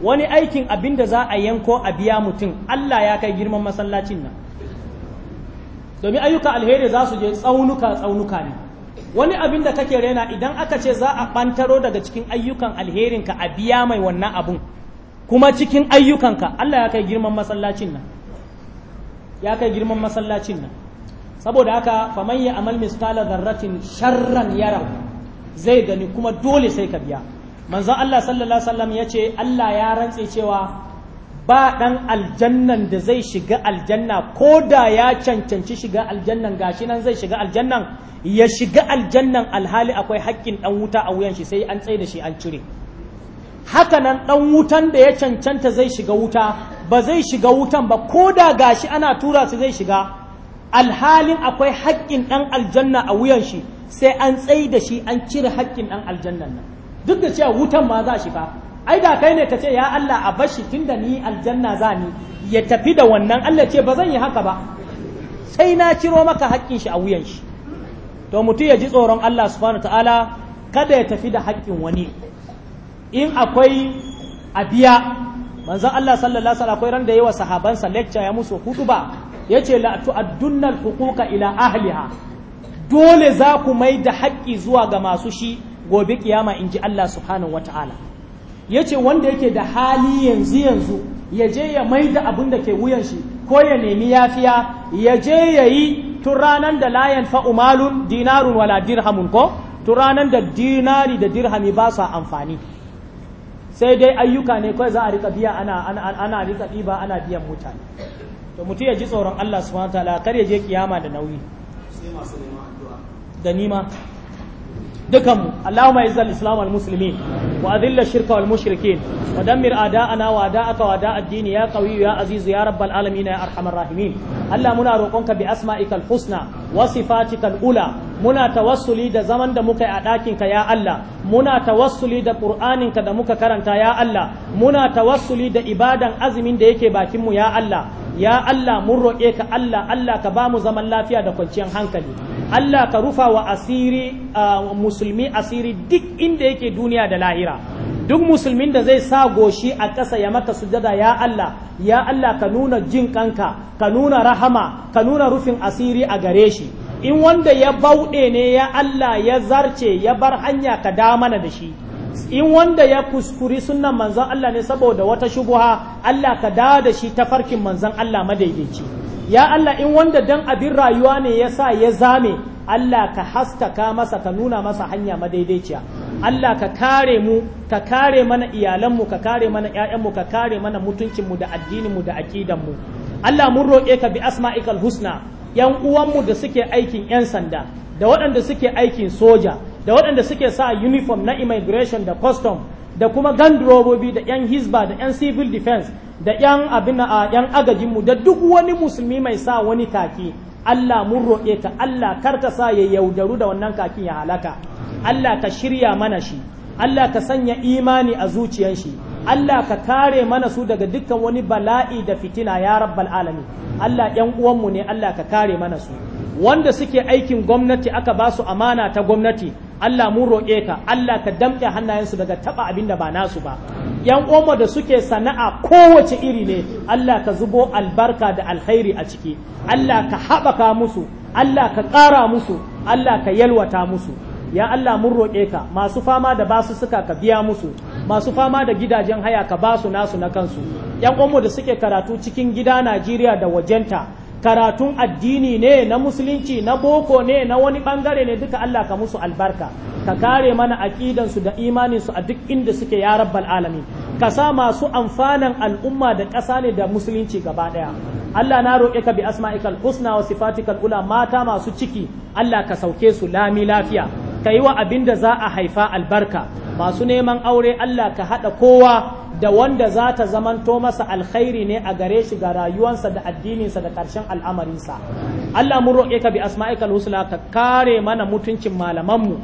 S1: wani aikin abin da za a yanko a biya mutum Allah ya kai girman masallacin nan domin ayyukan alheri za su je tsaunuka tsaunuka ne wani abin da kake rena idan aka ce za a ɓantaro daga cikin ayyukan alherin ka a biya mai wannan abun kuma cikin ayyukanka Allah ya kai girman masallacin nan ya kai girman masallacin nan saboda haka faman ya amal misqala dharratin sharran yara zai gani kuma dole sai ka biya manzon Allah sallallahu alaihi wasallam ya ce Allah ya rantse cewa ba ɗan aljannan da zai shiga aljanna ko da ya cancanci shiga aljannan gashi nan zai shiga aljannan ya shiga aljannan alhali akwai haƙƙin ɗan wuta a wuyan shi sai an tsaye da shi an cire haka nan ɗan wutan da ya cancanta zai shiga wuta ba zai shiga wutan ba ko da gashi ana tura su zai shiga alhalin akwai haƙƙin ɗan aljanna a wuyan shi sai an tsai da shi an cire haƙƙin ɗan aljannan nan duk da cewa wutan ma za shi fa ai da kai ne ka ce ya Allah a bashi tunda ni aljanna za ni ya tafi da wannan Allah ce ba zan yi haka ba sai na ciro maka haƙƙin shi a wuyan shi to mutum ya ji tsoron Allah subhanahu ta'ala kada ya tafi da haƙƙin wani in akwai a biya manzon Allah sallallahu alaihi wasallam akwai ran da yayi sahabansa lecture ya musu hutuba yace la tu'addunna al-huquqa ila ahliha dole za ku mai da haƙƙi zuwa ga masu shi gobe kiyama in ji Allah subhanahu wa ta'ala ya ce wanda yake da hali yanzu yanzu ya je ya mai da abin da ke wuyan shi ko ya nemi yafiya ya je ya yi tun ranar da layan fa'umalun dinarun wala dirhamun ko tun ranar da dinari da dirhami ba su amfani sai dai ayyuka ne kawai za a rika biya ana ana rika ɗiba ana biyan mutane to mutum ya ji tsoron Allah subhanahu wa ta'ala kar ya je kiyama da nauyi
S4: sai masu neman
S1: da nima dukan Allahumma izzal islam al muslimin wa adilla shirka wal mushrikin wa dammir a'da'ana wa da'aka wa da'a ad-din ya qawiyyu ya azizu ya rabbal alamin ya arhamar rahimin Allah muna roƙonka bi asma'ikal husna wa sifatikal ula muna tawassuli da zaman da muka yi a ɗakinka ya Allah muna tawassuli da ka da muka karanta ya Allah muna tawassuli da ibadan azumin da yake bakinmu ya Allah ya Allah mun roƙe ka Allah Allah ka ba mu zaman lafiya da kwanciyar hankali Allah ka rufa wa asiri musulmi asiri duk inda yake duniya da lahira duk musulmin da zai sa goshi a ƙasa ya maka sujada ya Allah ya Allah ka nuna jin kanka ka nuna rahama ka nuna rufin asiri a gare shi in wanda ya bauɗe ne ya Allah ya zarce ya bar hanya ka da mana da shi in wanda ya kuskuri sunan manzon Allah ne saboda wata shubuha Allah ka dawo da shi ta farkin manzon Allah madaidaici ya Allah in wanda dan abin rayuwa ne ya sa ya zame Allah ka haskaka masa ka nuna masa hanya madaidaiciya Allah ka kare mu ka kare mana iyalanmu ka kare mana ƴaƴanmu ka kare mana mutuncinmu da addininmu da aqidanmu Allah mun roƙe ka bi asma'ikal husna yan uwanmu da suke aikin yan sanda da waɗanda suke aikin soja da waɗanda suke sa uniform na immigration da custom da kuma gun robobi da 'yan hisba da 'yan civil defense da 'yan abin a 'yan agajinmu da duk wani musulmi mai sa wani kaki Allah mun roƙe ka Allah kar ka sa ya yaudaru da wannan kakin ya halaka Allah ka shirya mana shi Allah ka sanya imani a zuciyar shi Allah ka kare mana su daga dukkan wani bala'i da fitina ya rabbal alami Allah 'yan uwanmu ne Allah ka kare mana su wanda suke aikin gwamnati aka ba su amana ta gwamnati Allah mun roƙe ka Allah ka damƙe hannayensu daga taɓa abin da ba nasu ba yan omo da suke sana'a kowace iri ne Allah ka zubo albarka da alkhairi a ciki Allah ka haɓaka musu Allah ka ƙara musu Allah ka yalwata musu ya Allah mun roƙe ka masu fama da basu suka ka biya musu masu fama da gidajen haya ka basu nasu na kansu yan omo da suke karatu cikin gida Najeriya da wajenta karatun addini ne na musulunci na boko ne na wani bangare ne duka Allah ka musu albarka ka kare mana aqidansu da imaninsu a duk inda suke ya rabbal alamin ka sa masu amfanan al'umma da ƙasa ne da musulunci gaba ɗaya Allah na roƙe ka bi asma'ikal husna wa sifatikal ula mata masu ciki Allah ka sauke su lami lafiya ka yi wa abin da za a haifa albarka masu neman aure Allah ka haɗa kowa da wanda za ta zamanto masa alkhairi ne a gare shi ga rayuwansa da addininsa da ƙarshen al'amarinsa Allah mun roƙe ka bi asma'ikal husna ka kare mana mutuncin malamanmu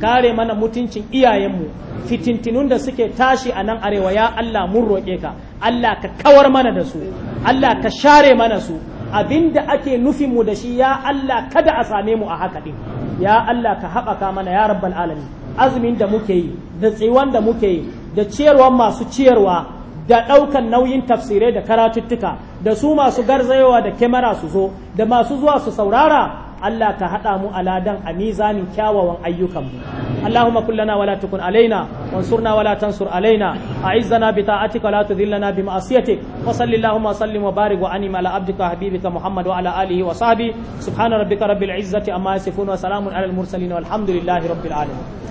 S1: ka kare mana mutuncin iyayenmu fitintinun da suke tashi a nan arewa ya Allah mun roƙe ka Allah ka kawar mana da su Allah ka share mana su abinda ake nufin mu da shi ya Allah kada a same mu a haka din ya Allah ka haɓaka mana ya rabbal alamin azumin da muke yi da tsiwan da muke yi da ciyarwa masu ciyarwa da ɗaukan nauyin tafsirai da karatuttuka da su masu garzayowa da kyamara su zo da masu zuwa su saurara Allah ka haɗa mu aladan a mizanin kyawawan ayyukanmu Allahumma kullana wala tukun alaina wansurna wala tansur alaina a'izzana bi ta'atika wala tudhillana bi ma'asiyatik wa salli Allahumma sallim wa barik wa anim ala abdika habibika Muhammad wa ala alihi wa sahbihi subhana rabbika rabbil izzati amma yasifun wa salamun ala al mursalin walhamdulillahi rabbil alamin